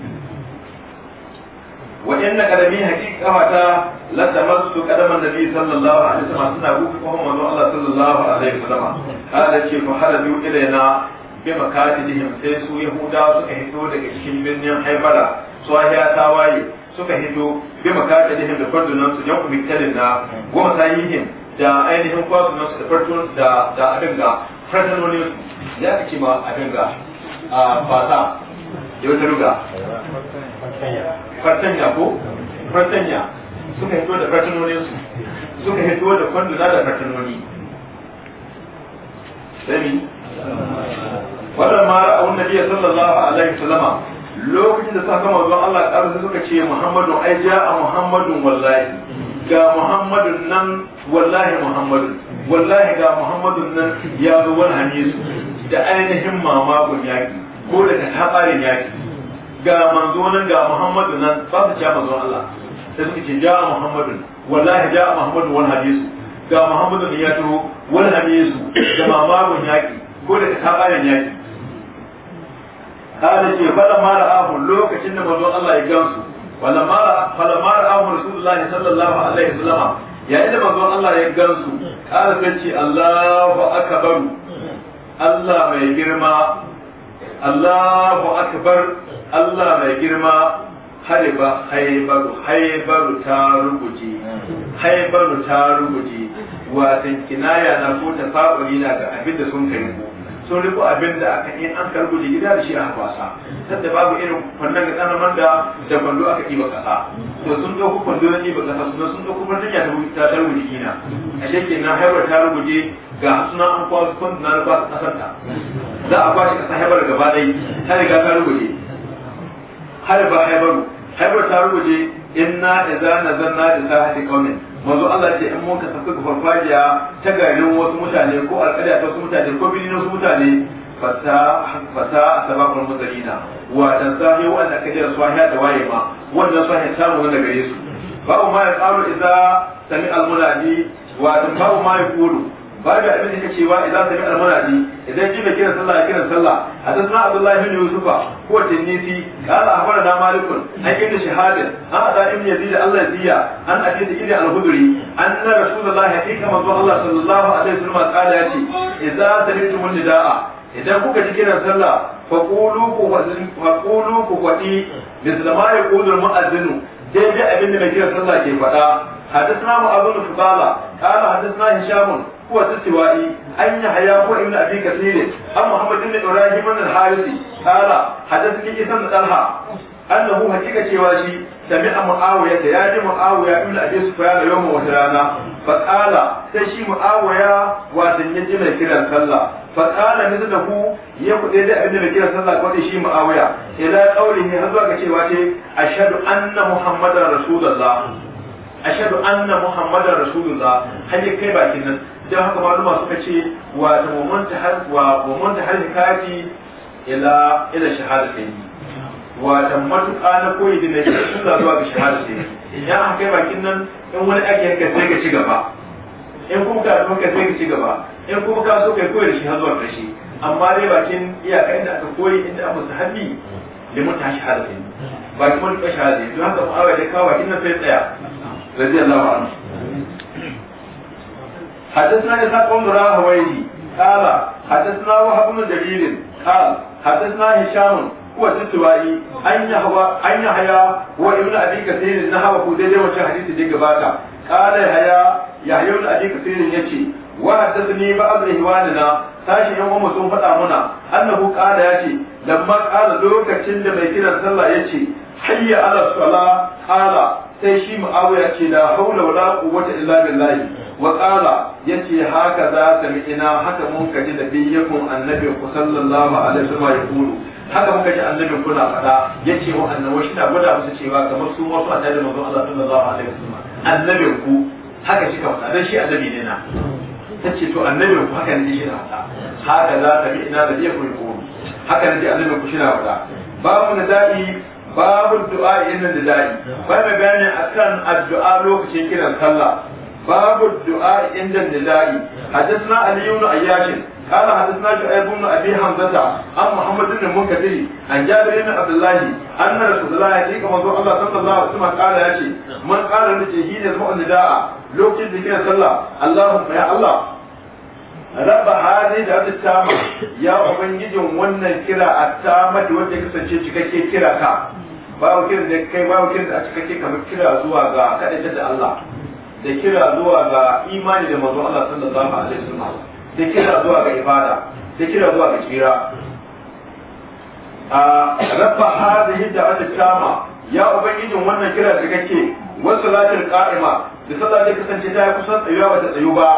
wa inna qadami haqiqa ta la kadaman da biyu sallallahu alaihi wasallam suna gufi kuma manzo Allah sallallahu alaihi wasallam kada ce fa ila yana bi makatihim sai su yahuda suka hito daga cikin birnin haibara su ya tawaye suka hito bi makatihim da fardunan su yan kumitalin na goma sayihim da ainihin kwasunan da farkon da da abin ga fraternolin ya fi kima abin ga a fata da wata ruga fartanya ko fartanya suka hito da wani su suka hito da kwanduna da fraternoli sami wannan ma ra'awun nabiya sallallahu alaihi wasallama lokacin da ta kama zuwa Allah ya ƙarfi suka ce Muhammadu ai ja'a Muhammadun wallahi ga muhammadun nan wallahi muhammadun wallahi ga muhammadun nan ya zo wani hane su da ainihin mamakon yaki ko da tabarin yaki ga manzo nan ga muhammadun nan ba su ja manzo Allah sai suka ce ja muhammadun wallahi ja muhammadun wani hadisu ga muhammadun ya turo wani hadisu da mamakon yaki ko da tabarin yaki kada ce fada mara ahu lokacin da manzo Allah ya gansu falamma falamma ra'ahu rasulullahi sallallahu Allah ya gansu ƙara tace Allahu Allah mai girma Allahu akbar Allah girma ta ruguje haibaru ta na ko na ga abin da sun kai sun riko abin da aka yi an karbu da gida da shi a kwasa da babu irin wannan ga tsanaman da da kwando aka ɗiba ƙasa to sun ɗauko kwando na ɗiba ƙasa sun sun ɗauko kwando ya ta targuje kina a shekke na haibar ta rubuce ga suna an kwasu kwando na ba ƙasar ta za a kwashe ƙasa haibar gaba ɗai ta riga ta rubuce, har ba haibaru haibar ta na inna da za a hadi kawai. manzo Allah ce in muka tafi ga farfajiya ta garin wasu mutane ko alƙarya ta wasu mutane ko bilin wasu mutane fata fata sababul mudallina wa tazahi wa anna kajira swahiya da waye ma wannan swahiya ta mu daga Yesu ba ma ya tsaro idza sami al munadi wa ba ma ya qulu babu abin da yake cewa idan sami almanadi idan ji da kiran sallah kiran sallah hadathna abdullahi ibn yusufa huwa tinisi qala akhbarana malikun an ibn shihab an ada ibn yazid allah ziya an ake abi ibn al-hudri anna rasulullahi hakika manzo allah sallallahu alaihi wasallam qala yace idza sami'tum nidaa idan kuka ji kiran sallah faqulu ku faqulu ku qadi mislama yaqulu al-mu'adhdhin daidai abin da mai kiran sallah ke faɗa حدثنا أبو فضالة قال حدثنا هشام kuwa ta siwa'i eh, an yi haya ko ibn abi kasir an muhammad ibn ibrahim ibn al-harisi qala hadath ni isan talha annahu hakika cewa shi sami'a muawiya ta yaji muawiya ibn abi sufyan yawm wa rana fa qala sai shi muawiya wa dan yaji kiran sallah fa qala mithlahu ya ku dai da mai kiran sallah ko dai shi muawiya ila qawlihi hazuwa ga cewa ce ashhadu anna muhammadan rasulullah ashadu anna muhammadar rasulullah har ya kai bakin nan don haka maluma suka ce wa ta momanta har wa momanta har hikati ila ila shahadatin wa ta matuƙa na koyi da nake suna zuwa ga shahadatin idan aka kai bakin nan in wani ake yanka sai ka ci gaba in kuma ka zo ka sai ka ci gaba in kuma ka so kai koyi da shi har zuwa ƙarshe amma dai bakin iyaka inda aka koyi inda aka sahabi limun ta yi. ba kuma ta shahadatin don haka mu'awai da kawo bakin nan sai tsaya رضي الله عنه حدثنا إسحاق بن راهويه قال حدثنا وهب بن جرير قال حدثنا هشام هو ستوائي أين يهوى أن يحيى هو ابن أبي كثير نحوه دجا وشهديث ديك باتا قال هيا يحيى ابن أبي كثير يشي وحدثني بعض إخواننا tashi yan uwan sun faɗa muna annahu qala yace lamma qala lokacin da mai kiran sallah yace hayya ala sala qala sai shi mu'awiya ce da haula wala quwwata illa billahi wa qala yace haka za ta ina haka mun ka ji da biyyakun annabi ku sallallahu alaihi wasallam ya kulu haka muka ji annabi kuna faɗa yace wa annabi shi na gwada musu cewa kamar su wasu annabi manzon Allah sallallahu alaihi wasallam annabi ku haka shi ka faɗa dan shi annabi ne na tace to annabi ku haka ne shi na faɗa haka za ta ina da biyyakun ku haka ne annabi ku shi na faɗa babu nada'i babu du'a inda da dai bana gane akan addu'a lokacin kiran sallah babu du'a inda da dai hadathna ali ibn ayyash قال حدثنا شعيب بن ابي حمزه عن محمد بن المنكدر mun جابر بن عبد الله ان رسول الله ياتيك منظور الله صلى الله عليه وسلم قال ياتي من قال لك هي النداء لو كنت كده صلى اللهم يا الله raba hali da abin tama ya ubangijin wannan kira a tama da wanda kasance cikakken kira babu kiran da kai babu kiran da a cikakke kamar kira zuwa ga kaɗaitar da Allah da kira zuwa ga imani da manzon Allah sallallahu alaihi wasallam da kira zuwa ga ibada da kira zuwa ga kira a rabba hadhihi da'at tama ya ubangijin wannan kira cikakke wasu lafiyar qa'ima da sallah ta kasance ta yi kusan tsayuwa ba ta tsayu ba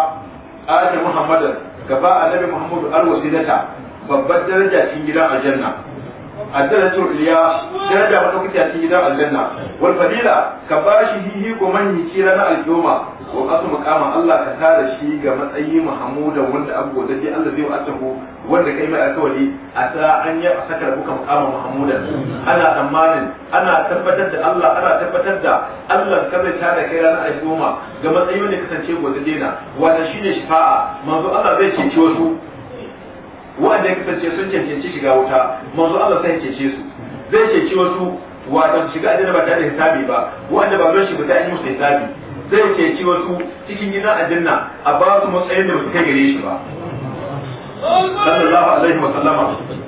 A ali muhammadan gaba annabi muhammadu alwasilata babbar daraja cikin gidan aljanna addaratul ilyas daraja lokaci a cikin gidan aljanna wal fadila ka bashi hihi ko manyi kira na aljoma ko kasu muqama Allah ka tara shi ga matsayi mahmuda wanda abu da ji Allah zai wata ko wanda kai mai alkawari a ta an yi a saka buka muqama mahmuda ana tsammanin ana tabbatar da Allah ana tabbatar da Allah ka zai tara kai ranar aljoma ga matsayi wanda kasance gobe dena wata shine shifa'a manzo Allah zai cece wasu wanda ya kasance sun cancanci shiga wuta manzo Allah sai cece su zai ceci wasu wato shiga aljanna ba tare da hisabi ba wanda ba zai shi ba sai an musu hisabi zai ceci wasu cikin gidan aljanna a ba su matsayin da ba kai gare shi ba sallallahu alaihi wa sallama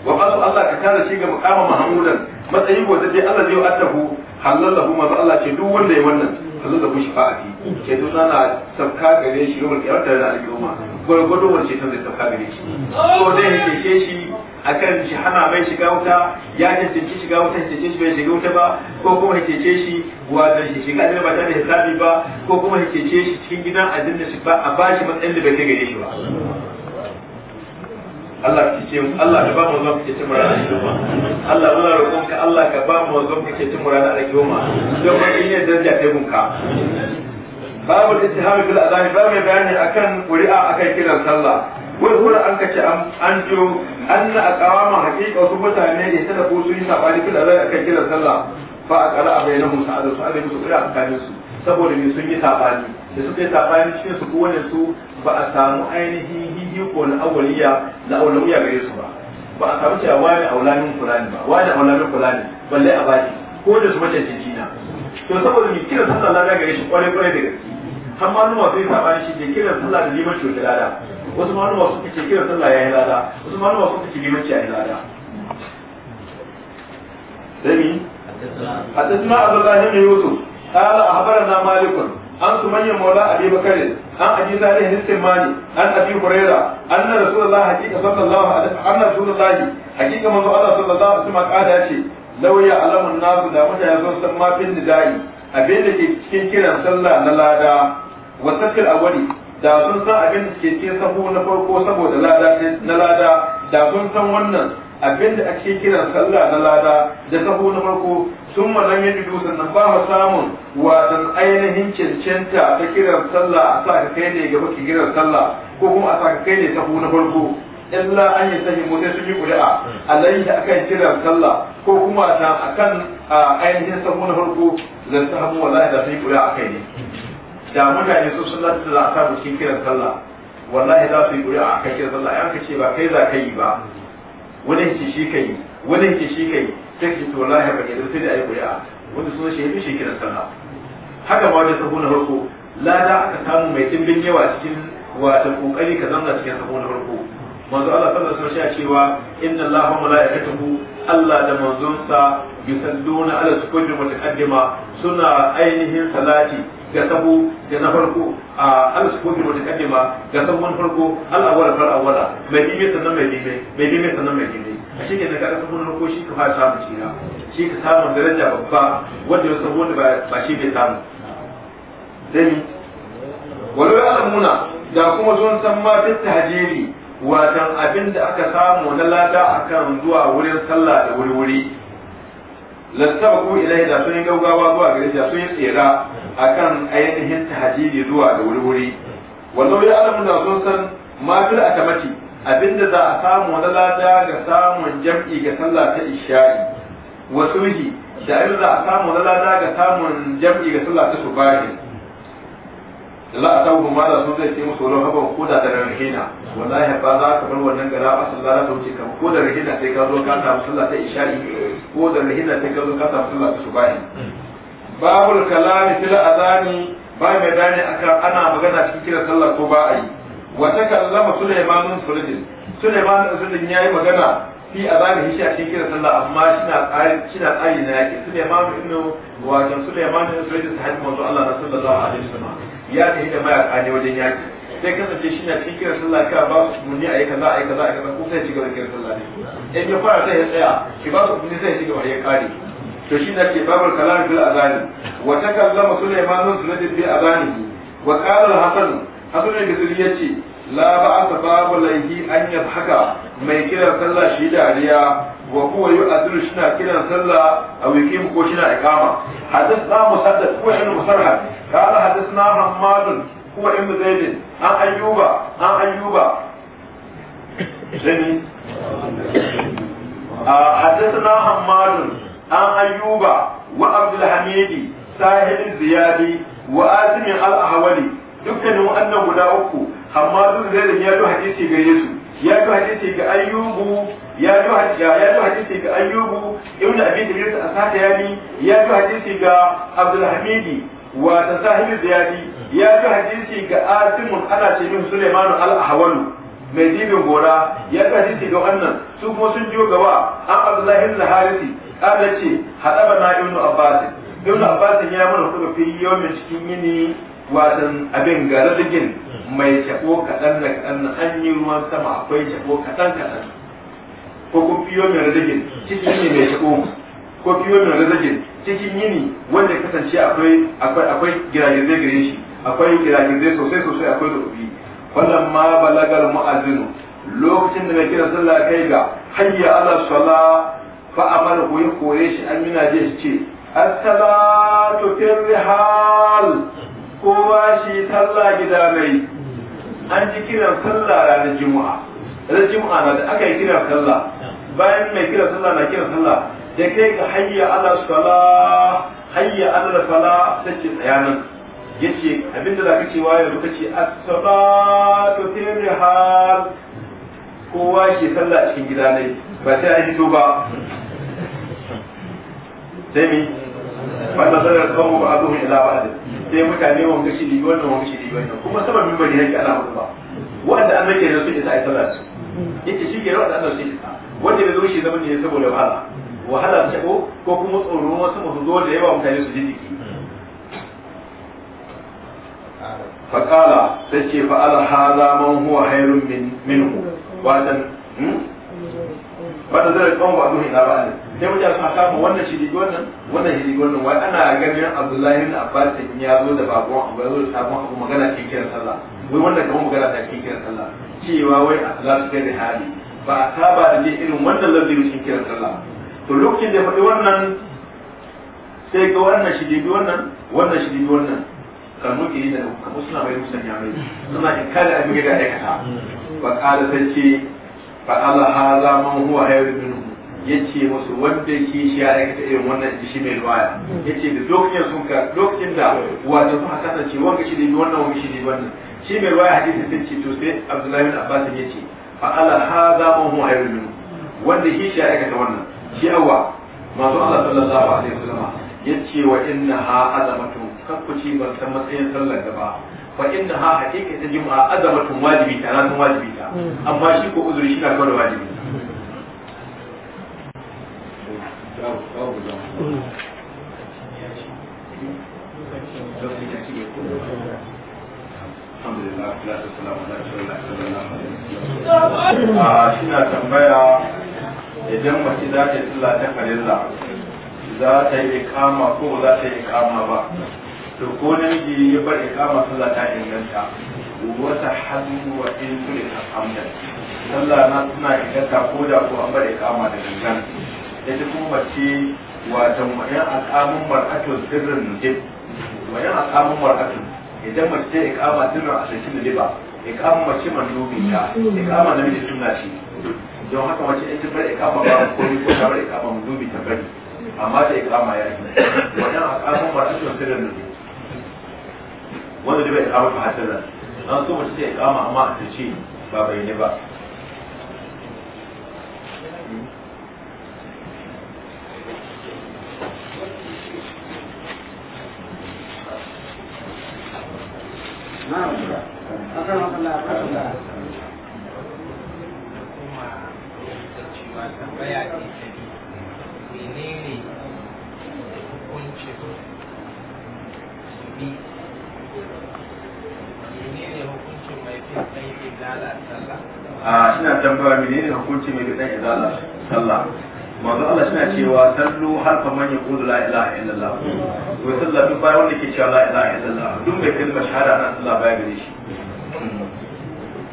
wa qala Allah ka kare shi ga muqama mahmudan matsayin ko sai Allah zai addahu halallahu ma Allah ce duk wanda ya wannan halallahu shafa'ati ke to sana sabka gare shi yau da kiyar da al'umma gurgudu wace ta zai sabka gare shi ko dai yake shi akan shi hana bai shiga wuta ya cancanci shiga wuta cancanci shi bai shiga wuta ba ko kuma cece shi wato shi shiga da ba ta da hisabi ba ko kuma cece shi cikin gidan aljanna shi ba a ba shi matsayin da bai gare shi ba Allah ki ce Allah ka ba mu zuwa ki ce mura da kiyoma Allah muna roƙon ka Allah ka ba mu zuwa ki ce mura da kiyoma don ba in yadda da ta gunka babu ittihami bil azami babu bayani akan qur'a akan kiran sallah wai kula an kace an ciro an na aqama hakika wasu mutane ne ta da ko sun yi sabani kila zai akan kira sallah fa a aqala abainahum a sa'adu su kira kanin su saboda me sun yi sabani da su kai sabani shi su ko wanda su ba a samu ainihin ko na awaliya na awaliya gare su ba ba a samu cewa wani aulamin fulani ba wani aulamin fulani balle a baki ko da su mace na to saboda me kira sallah na gare shi kwarai kwarai da gaske har maluma sun saba shi ke kiran sallah da liman shi lada wasu maluma sun ce kiran sallah ya yi lada wasu maluma sun ce liman ya yi lada دمي حدثنا عبد الله بن يوسف قال اخبرنا مالك عن سمي مولى ابي بكر عن ابي صالح السماني عن ابي هريره ان رسول الله حقيقه صلى الله عليه وسلم ان رسول الله حقيقه من الله صلى الله عليه وسلم قال لو يعلم الناس لا متى يزور سما في النداء abin da ke cikin kiran sallah na lada wa a wani, da sun san abin da ke cikin sahu na farko saboda lada na lada da sun san wannan abin da ake kiran sallah na lada da sahu na farko sun malam yadda dudu sannan ba mu samun watan ainihin cancanta ta kiran sallah a sa ka kai ne gaba ki kiran sallah ko kuma a sa ka kai ne sahu na farko illa an yi mu sai sun yi ƙuri'a hmm. alayhi akan kiran sallah ko kuma ta akan a ainihin samu na farko zan ta hamu wallahi da kuri a kai ne da mutane su sun lati da ta buki cikin kiran sallah wallahi za su yi a kai kiran sallah Ya ka ce ba kai za ka yi ba wani ce shi kai wani ce shi kai sai ki to wallahi ba ke da sai da ai a Wani sun shi shi kiran sallah haka ma wajen samu na farko lada aka samu mai dimbin yawa cikin wato kokari ka zanga cikin samu na farko manzo Allah sallallahu alaihi wasallam cewa inna wa malaikatahu Allah da manzonsa yusalluna ala sujudi mutaqaddima suna ainihin salati ga sabu da na farko a ala sujudi mutaqaddima ga na farko Allah wa far awwala mai dime sannan mai dime mai dime sannan mai dime a shi ne daga sabu na farko shi ka fara samun cira shi ka samu daraja babba wanda ya samu da ba shi bai samu dai walau ya alamuna da kuma zuwan san ma bin tahajiri watan abin da aka samu na lada akan zuwa wurin sallah da wuri-wuri lattabaku ilahi da sun yi gaugawa zuwa gare da sun yi tsira akan ainihin tahajiri zuwa da wuri-wuri wallo ya alamu da sun san ma fil abin abinda za a samu na lada ga samun jam'i ga sallah ta isha'i wasu da abin za a samu na lada ga samun jam'i ga sallah ta subahin da za a samu mala sun zai ce musu wani haban ko da daga rahina wallahi ba za ka bar wannan gara a sallah ta wuce ka ko da rahina sai ka zo ka samu sallah ta isha'i ko da rahina sai ka zo ka samu sallah ta subahi babul kalami fil azani ba mai bayani akan ana magana cikin kiran sallah ko ba a yi wa takallama sulaimanun sulhin sulaiman ya yi magana fi azanihi shi a cikin kiran sallah amma shina tsari shina tsari na yake sulaiman ibn wa sulaiman ibn sulhin sahabi manzo Allah sallallahu alaihi wasallam ya tafi da mayaka ne wajen yaki sai kasance shi na cikin kiran sallah ka ba su muni a yi kaza a yi kaza a yi kaza ko sai ci kiran sallah ne in ya fara sai ya tsaya ki ba su muni sai ya ci gaba ya kare to shi na ke babul kalam fil azani wa takallama sulaiman sunan bi azanihi wa qala al hasan hasan bin sulaiman yace la ba'a babu laihi an yabhaka mai kiran sallah shi dariya wa huwa yu'adhiru shina kiran sallah aw yuqim ko shina iqama hadathna musaddad huwa ibn musarhad qala hadathna hammad huwa ibn zaid an ayyuba an ayyuba sani ah, hadathna hammad an ayyuba wa abdul hamidi sahil dukkanin wannan guda uku hammad zaid ya do gare su ya yi hadisi ga ayyubu ya yi hadisi ga ayyubu ibn abi ta as-sakayani ya yi hadisi ga abdul hamidi wa tasahib ziyadi ya yi hadisi ga asimun ana ce min suleiman al-ahwalu mai dibin gora ya yi hadisi ga wannan su kuma sun jiyo gaba an abdullahi ibn harisi ana ce hadaba na ibn abbas ibn abbas ya mana kuma fi yawan cikin yini watan abin gardigin mai cako kaɗan da kaɗan na hanyi ruwan sama akwai cako kaɗan kaɗan ko ku fiyo mai radigin cikin yini mai cako ko fiyo mai radigin cikin yini wanda kasance akwai akwai akwai giragizai gare shi akwai giragizai sosai sosai akwai rubi wannan ma balagar mu'azinu lokacin da mai kira sallah kai ga hayya ala sala fa amara ku yi kore shi an mina je shi ce as-salatu fil rihal kowa shi sallah gida mai an ji kiran sallah ranar juma'a ranar juma'a na da aka yi kiran sallah bayan mai kiran sallah na kiran sallah da kai ga hayya ala sala hayya ala sala take tsayanan yace abinda zaka ce waye ruka ce as-salatu tirhal kowa shi sallah cikin gida ne ba sai a hito ba sai fa nazara al-qawmu ba'dhum ila ba'd sai mutane wanda shi dibi wannan wanda shi dibi wannan kuma sababin bari yake ana hudu ba wanda an nake su isa ai sallah su yake shi ke wanda Allah shi isa wanda bai zo shi zaman ne saboda wahala wahala ta ko ko kuma tsoron wasu mu zo da yawa mutane su ji jiki fa qala sai ce fa al hadha man huwa khairun min minhu wa dan wanda hmm? zai kawo ba duhin labarin sai wajen sun kama wannan shi digi wannan wannan shi digi wannan wai ana ganin abdullahi ibn abbas ya zo da bakon abu ya zo da sabon abu magana cikin kiran sallah wai wanda kamar magana ta cikin kiran sallah cewa wai a su kai da hali ba a saba da jin irin wannan lalle cikin kiran sallah to lokacin da ya faɗi wannan sai ga wannan shi digi wannan wannan shi digi wannan kalmu ke yi da kamar suna mai ya mai suna in kada abin da aikata ba kada sai ce fa Allah haza man huwa hayyun ya ce musu wanda shi ya aikata irin wannan shi mai ruwaya ya ce da lokacin sun ka lokacin da wata suka kasance wanda shi ne wannan wanda shi ne wannan shi mai ruwaya hadisi sun ce to sai abdullahi bin abbas ya ce fa ala hadha ma huwa hayrun wanda wanda shi ya aikata wannan shi awwa manzo Allah sallallahu alaihi wasallam ya ce wa inna ha azamatu kakkuci ban san matsayin sallar ba fa inna ha hakika ta jima'a azamatun wajibi ta na san wajibi ta mm. amma shi ko uzuri shi na kawai wajibi a shina tambaya idan mace za ta yi sallah ta farilla za ta yi ko za ta yi ba to ko namiji ya bar ikama sallah ta inganta wata hannu wa in ta sallah na suna inganta ko da ko an bar ikama da gangan ya ji mace watan wayan akamun mar'atun sirrin nujib wayan akamun mar'atun idan mace ta ikama sirrin a sarkin nujiba ikama mace mandubi ta ikama namiji suna ce don haka mace in ta bar ikama ba ko ni ko ta bar ikama mandubi ta bari amma ta ikama ya yi wayan akamun mar'atun sirrin nujib wanda da bai ikama ta hasirin an so mace ta ikama amma a sarki ba bai ne ba a ah, suna tambaya menene hukunci mai ɗan izala sallah manzo Allah suna cewa sallu har kaman ya kudu la ilaha illallah to sallah duk bayan wanda ke cewa la ilaha illallah duk kalma shahada na sallah gare shi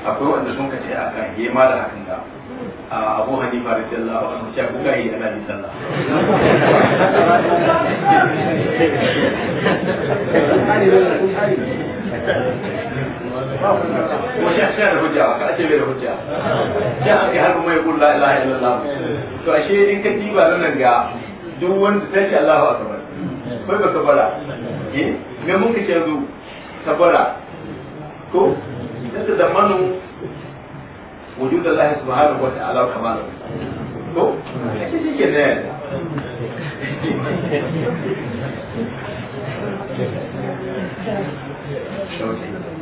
akwai wanda sun kace a kan yi ma hakan da Abu Hanifa da kuka yi ana sallah وشيخ شيخ الهجة كأتبه الهجة شيخ في حرب ما يقول لا إله إلا الله فأشياء إن كتيبة لننقع دون تشي الله أكبر كيف كبرا من ممكن شهدو كبرا كو تتضمنوا وجود الله سبحانه وتعالى وكماله كو أشياء شيء كنان Thank you.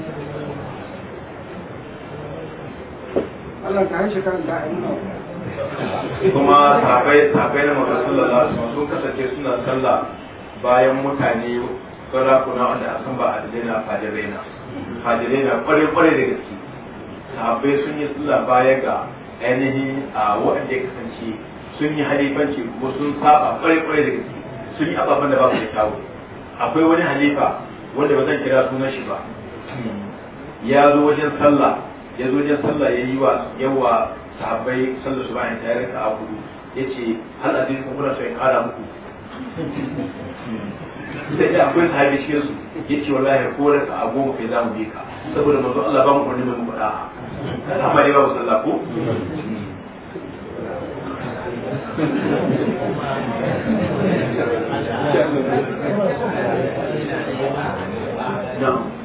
Allah ta hanshi kan da kuma na manzo sallallahu alaihi sun kasance suna sallah bayan mutane kuna wanda a san ba a na fajirai na fajirai na kwarai kwarai da gaske sahabbai sun yi sallah baya ga ainihin a waɗanda ya kasance sun yi halifanci kuma sun saba kwarai kwarai da gaske sun yi ababen da ba su da kyawu akwai wani halifa wanda ba zan kira sunan shi ba ya zo wajen sallah ya zo jan sallah ya yi wa yawa sahabbai sallar su bayan tayar ka abu ya ce hal adin kun kuna so in kara muku sai ya akwai sahabi cikin su ya ce wallahi ko da ka abu mu kai za mu bi ka saboda manzo Allah ba mu kurni mai mu da'a amma dai ba mu sallah ko No.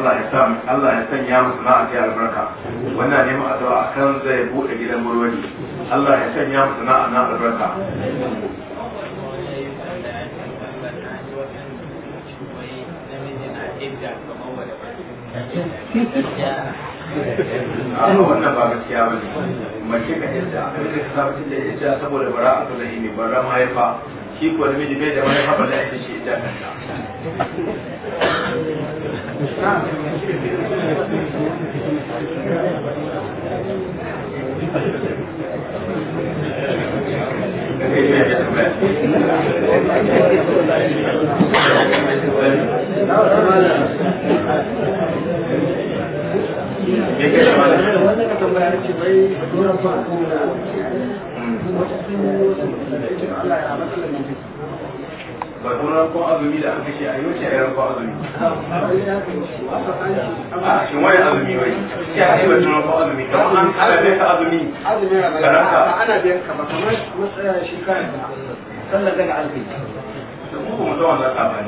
Allah ya sa Allah ya sanya musu na ta albarka wannan neman addu'a kan zai bude gidan murwani Allah ya sanya musu na na albarka Allah wannan ba gaskiya ba ne mace ka yadda a kan da ta saboda bara a kula ne bara mahaifa shi ko namiji bai da wani haɓar da ake shi ita Ya ke da Wannan ka tambaya ce bai ba kuma ko azumi da aka ce a yi wace a yi azumi a shi wani azumi wai shi a yi wace rankon azumi don an ana biyan ka azumi ka ranka ana biyan ka ba kamar shi kan sallar daga alfi da kuma mutum wanda ka ba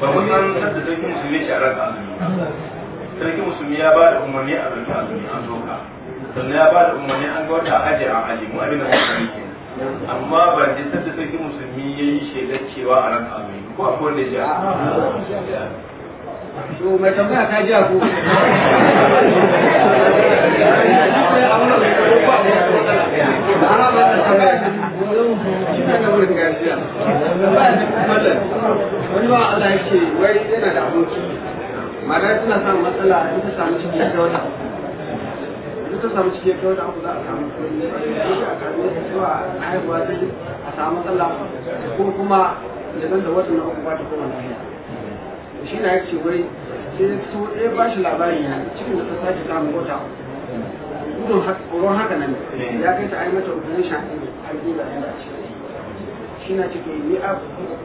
ba mun san sadda sarki musulmi shi a ranka azumi musulmi ya ba da umarni a ranka azumi an zo ka sannan ya ba da umarni an ga wata aji a aji mu abin da hankali ke amma ban ji sadda sarki musulmi ya yi shaidar cewa a ran amin ko a kowane da ja to mai tambaya ta jiya ko wani ba Allah ya ce wai yana da aboki mata tana samun matsala in ta ciki ta wata ta samu ciki kawai da abu za a samu kuɗi a ta cewa a haihuwa ta a samu matsala ko kuma ya zan da na uku ba ta shi na yake wai sai ya fito ɗaya eh, ba shi labarin ya cikin da ta sake samun wata gudun tsoron haka nan ya kai ta aimata rukunin shafi a ɗin da ɗin shi na cike ni a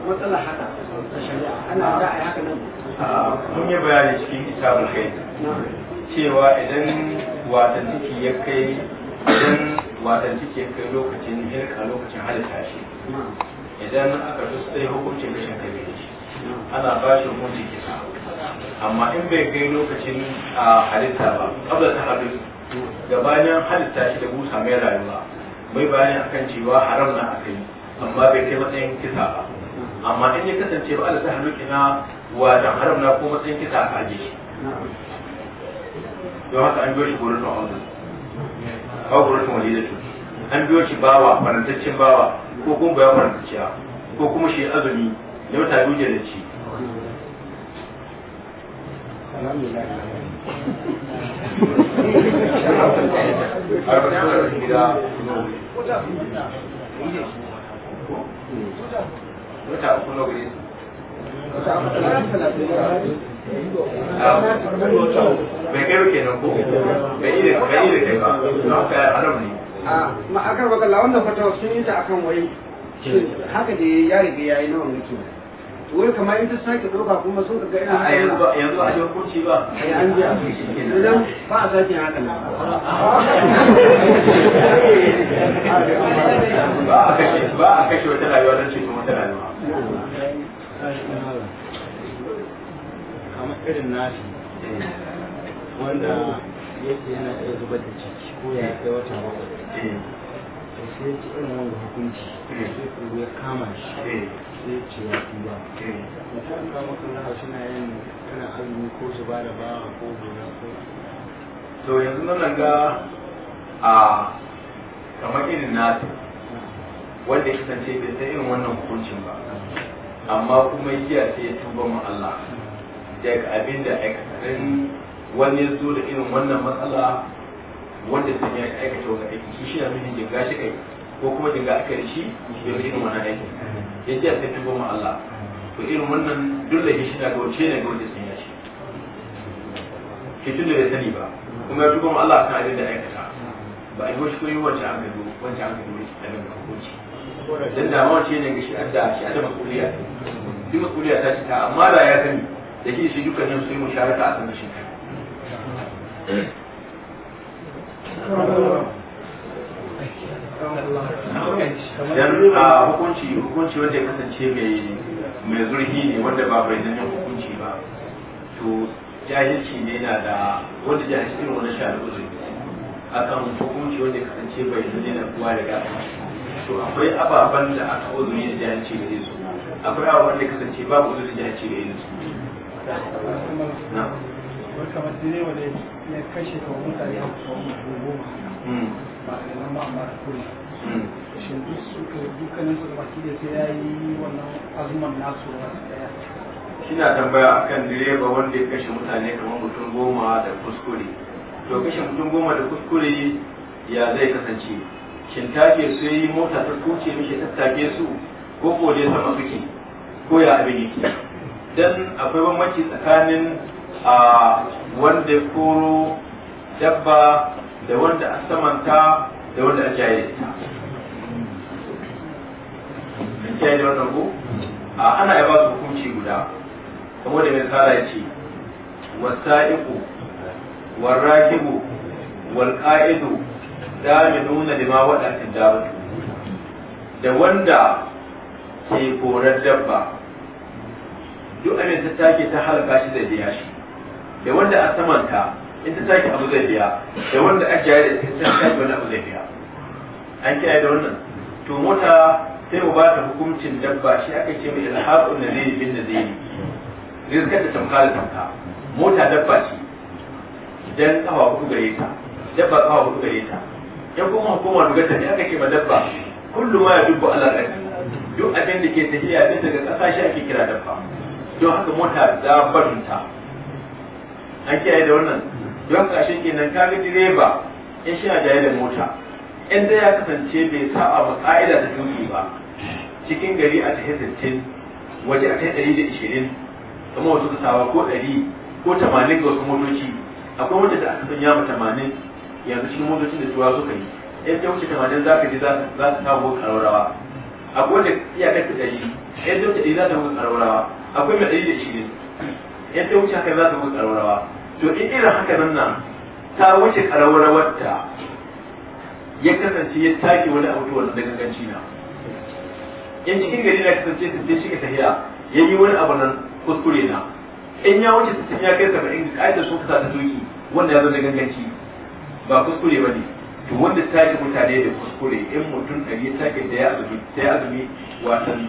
matsala haka a shari'a ana da a yi haka nan. Ah, mun yi bayani cikin kitabun kai cewa idan watan ciki ya kai idan watan ciki ya kai lokacin hirka lokacin halitta shi idan aka fi sai hukuncin rashin kai shi ana ba shi hukuncin kisa amma in bai kai lokacin a halitta ba kabla ta hadu gabanin halitta shi da busa mai rayuwa mai bayan akan cewa haram na akai amma bai kai matsayin kisa ba amma in ya kasance ba Allah ta halu kina wa haram na ko matsayin kisa a ajiye don haka an biyo shi gurin tun auzu ko gurin tun walida tun an biyo shi bawa farantaccen bawa ko kuma bayan farantacciya ko kuma shi azumi ya mata biyu da ci Wata uku na gare bai kai kenan ko bai yi a ma'akar wannan fatawa sun yi ta akan wai haka da ya riga ya yi nawa mutu wai kamar in ta sake ɗauka kuma sun kaga ina a yanzu ba yanzu a hukunci ba ai an ji a idan ba a sake haka nan ba a kashe ba a kashe wata rayuwa don ceton wata rayuwa kamar irin nashi wanda yake yana iya zubar da ciki ko ya kai wata bakwai to sai ci irin wanda hukunci sai kuma ya kama shi sai ce ya tuba mutum an kama kan raha suna yin kana azumi ko su ba da bawa ko gona ko to yanzu nan ga a kamar irin nasu wanda ya kasance bai san irin wannan hukuncin ba amma kuma jiya sai ya tuba ma Allah daga abin da aikatarin wani zo da irin wannan matsala wanda sun ya aikata wani aiki shi shi na nufin jinga shi kai ko kuma jinga aka da shi ya fi irin wannan aiki ya jiya sai tuba ma Allah to irin wannan dole shi na gauce ne ga wanda sun ya shi shi da ya sani ba kuma ya tuba ma Allah kan abin da aikata ba a yi wasu kuma yi wancan aka zo wancan aka zo da dan damuwar shi ne ga shi adda shi adda masuliya shi masuliya ta ta amma da ya sani da shi shi dukkanin su yi musharaka a sanin shi dan a hukunci hukunci wanda ya kasance mai mai zurfi ne wanda ba bai yin hukunci ba to jahilci ne na da wanda jahilci ne wanda sha da uzuri akan hukunci wanda ya kasance bai zanen na kuwa da gasa to akwai ababen da aka uzuri da jahilci yin su akwai ababen da kasance babu uzuri da su ya hmm. hmm. su ka dukkanin su baki da sai ba su direba wanda ya kashe mutane kamar mutum goma da kuskure to kashe mutum goma da kuskure ya zai kasance shin take su yi mota ta kuce mishi tattake su ko ko dai sama suke ko ya abin yake dan akwai bambanci tsakanin a wanda ya koro dabba da wanda a samanta da wanda a jaye ta jaye da wannan ko a ana ya ba su hukunci guda kamar da misala ya ce wasa'iqu والراكب والقائد da ma lima waɗannan dabatu da wanda ke korar dabba duk abin ta take ta halaka shi zai biya shi da wanda a samanta in ta take abu zai biya da wanda a jari da ta take wani abu zai biya an kiyaye da wannan to mota sai mu ba ta hukuncin dabba shi aka ce mai alhaƙun na zai bin na zai rizkar da tamka da tamka mota dabba ce dan kafa hudu gare ta dabba kafa hudu gare ta ya kuma hukuma daga ne aka ke madabba kullum ma ya dubba ala rafi duk abin da ke tafiya bisa ga ƙasa shi ake kira dabba don haka mota a barinta an kiyaye da wannan don ƙashin kenan, ka kaga direba in shi a jaye da mota in da ya kasance bai saba ba ka'ida ta duki ba cikin gari a ta sittin waje a kai ɗari da ishirin kamar wasu ka sawa ko ɗari ko tamanin ga wasu motoci akwai wanda da aka sanya ma tamanin yanzu cikin motocin da tuwa suka yi in ta wuce tamanin za ka ji za ta samu karaurawa akwai wanda iyakar ta ɗari in ta wuce ɗari za ta wuce karaurawa akwai mai ɗari da ishirin in ta wuce haka za ta wuce karaurawa to in irin haka nan nan ta wuce ta ya kasance ya take wani abu to wannan ganganci na in cikin gari na kasance ta ce shiga tahiya ya yi wani abu nan kuskure na in ya wuce ta ya kai saba'in ga ƙa'idar sun kasa ta doki wanda ya zo da ganganci ba kuskure ba ne to wanda ta sake mutane da kuskure in mutum ɗari sake da ya azumi sai azumi watan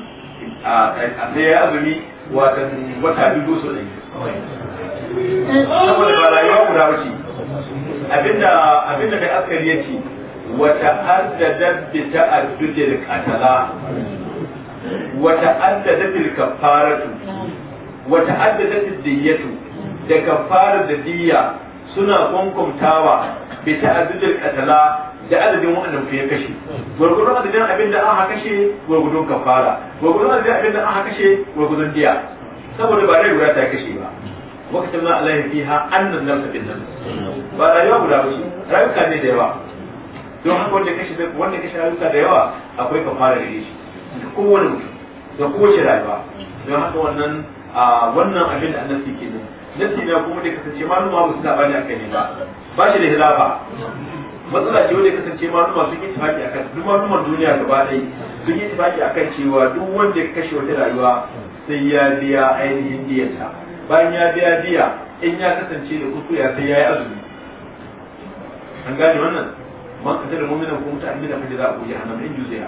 a sai ya azumi watan wata biyu so ɗari saboda ba rayuwa guda ba ce abinda abinda mai askari ya ce wata addadar bi ta'addudil qatala wata addadar bil kafaratu wata addadar diyyatu da kafara da diyya suna kwankwamtawa bi ta'addudil katala da adadin wanda mutum ya kashe gurgurdun adadin abin da aka kashe gurgurdun kafara gurgurdun adadin abin da aka kashe gurgurdun diya saboda ba rai guda ta kashe ba wakati ma fi fiha annan nan bin nan ba rayuwa guda ba shi rayuka ne da yawa don haka wanda kashe wanda kashe rayuka da yawa akwai kafara da shi da kowane mutum da kowace rayuwa don haka wannan wannan abin da annabi ke nan nasi na kuma da kasance malama ba su a akai ne ba ba shi da hilafa matsala ce wanda kasance maluma sun yi tafaki a kan, duk maluman duniya gaba ɗaya sun yi tafaki a kan cewa duk wanda ya kashe wata rayuwa sai ya biya ainihin diyarta bayan ya biya biya in ya kasance da ya sai ya yi azumi an gane wannan man kasar da muminan ko mutu amina a jaza a kuji hannun in juziya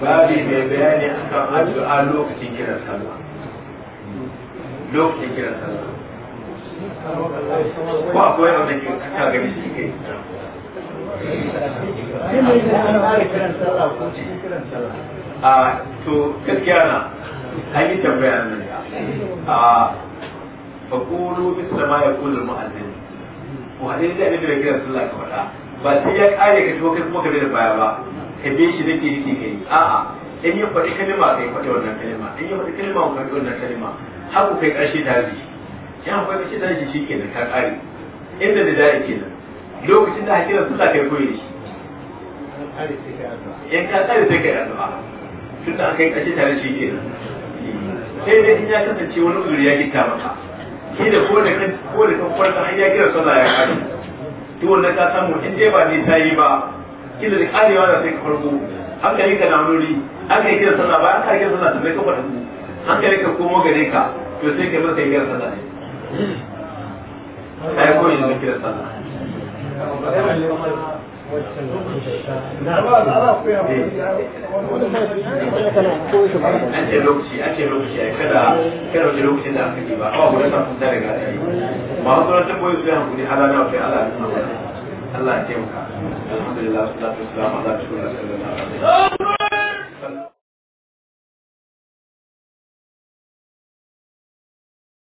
babi mai bayani akan addu'a lokacin kiran sallah lokacin kiran sallah ko akwai wanda ke kasa gani shi kai a to gaskiya na an yi tambaya nan a fakulu misla ma ya kulu mu'azzin wa hadin da ne da kiran sallah ka faɗa ba sai ya kare ka to kai kuma ka da baya ba ka shi da kirki kai a'a in yi faɗi kalima kai faɗi wannan kalima in yi faɗi kalima ka faɗi wannan kalima har ku kai ƙarshe daji in akwai ƙarshe daji shi ke ka ƙari inda da da'i ke nan lokacin da hakilan suna kai koyi shi in ka ƙare sai kai addu'a tun da aka yi ƙarshe tare shi ke nan sai dai in ya kasance wani uzuri ya gitta maka shi da ko da kan ko da kan farka har ya kira sallah ya ƙare to wannan ka samu in dai ba ne ta yi ba kila da karewa da sai ka farko haka yi ka na nuri haka yi kira sallah ba haka yi kira sallah sai ka farko haka yi ka komo gare ka to sai ka masa kira sallah ne kai ko yin kira sallah an ce lokaci an ce lokaci ai kada kada wace lokacin da aka ba awa guda sa kun tare ga ai ma wasu rantar boye su ya hankuli halala wa fi ala Allah ya taimaka alhamdulillah salatu wassalamu ala rasulillah sallallahu alaihi wasallam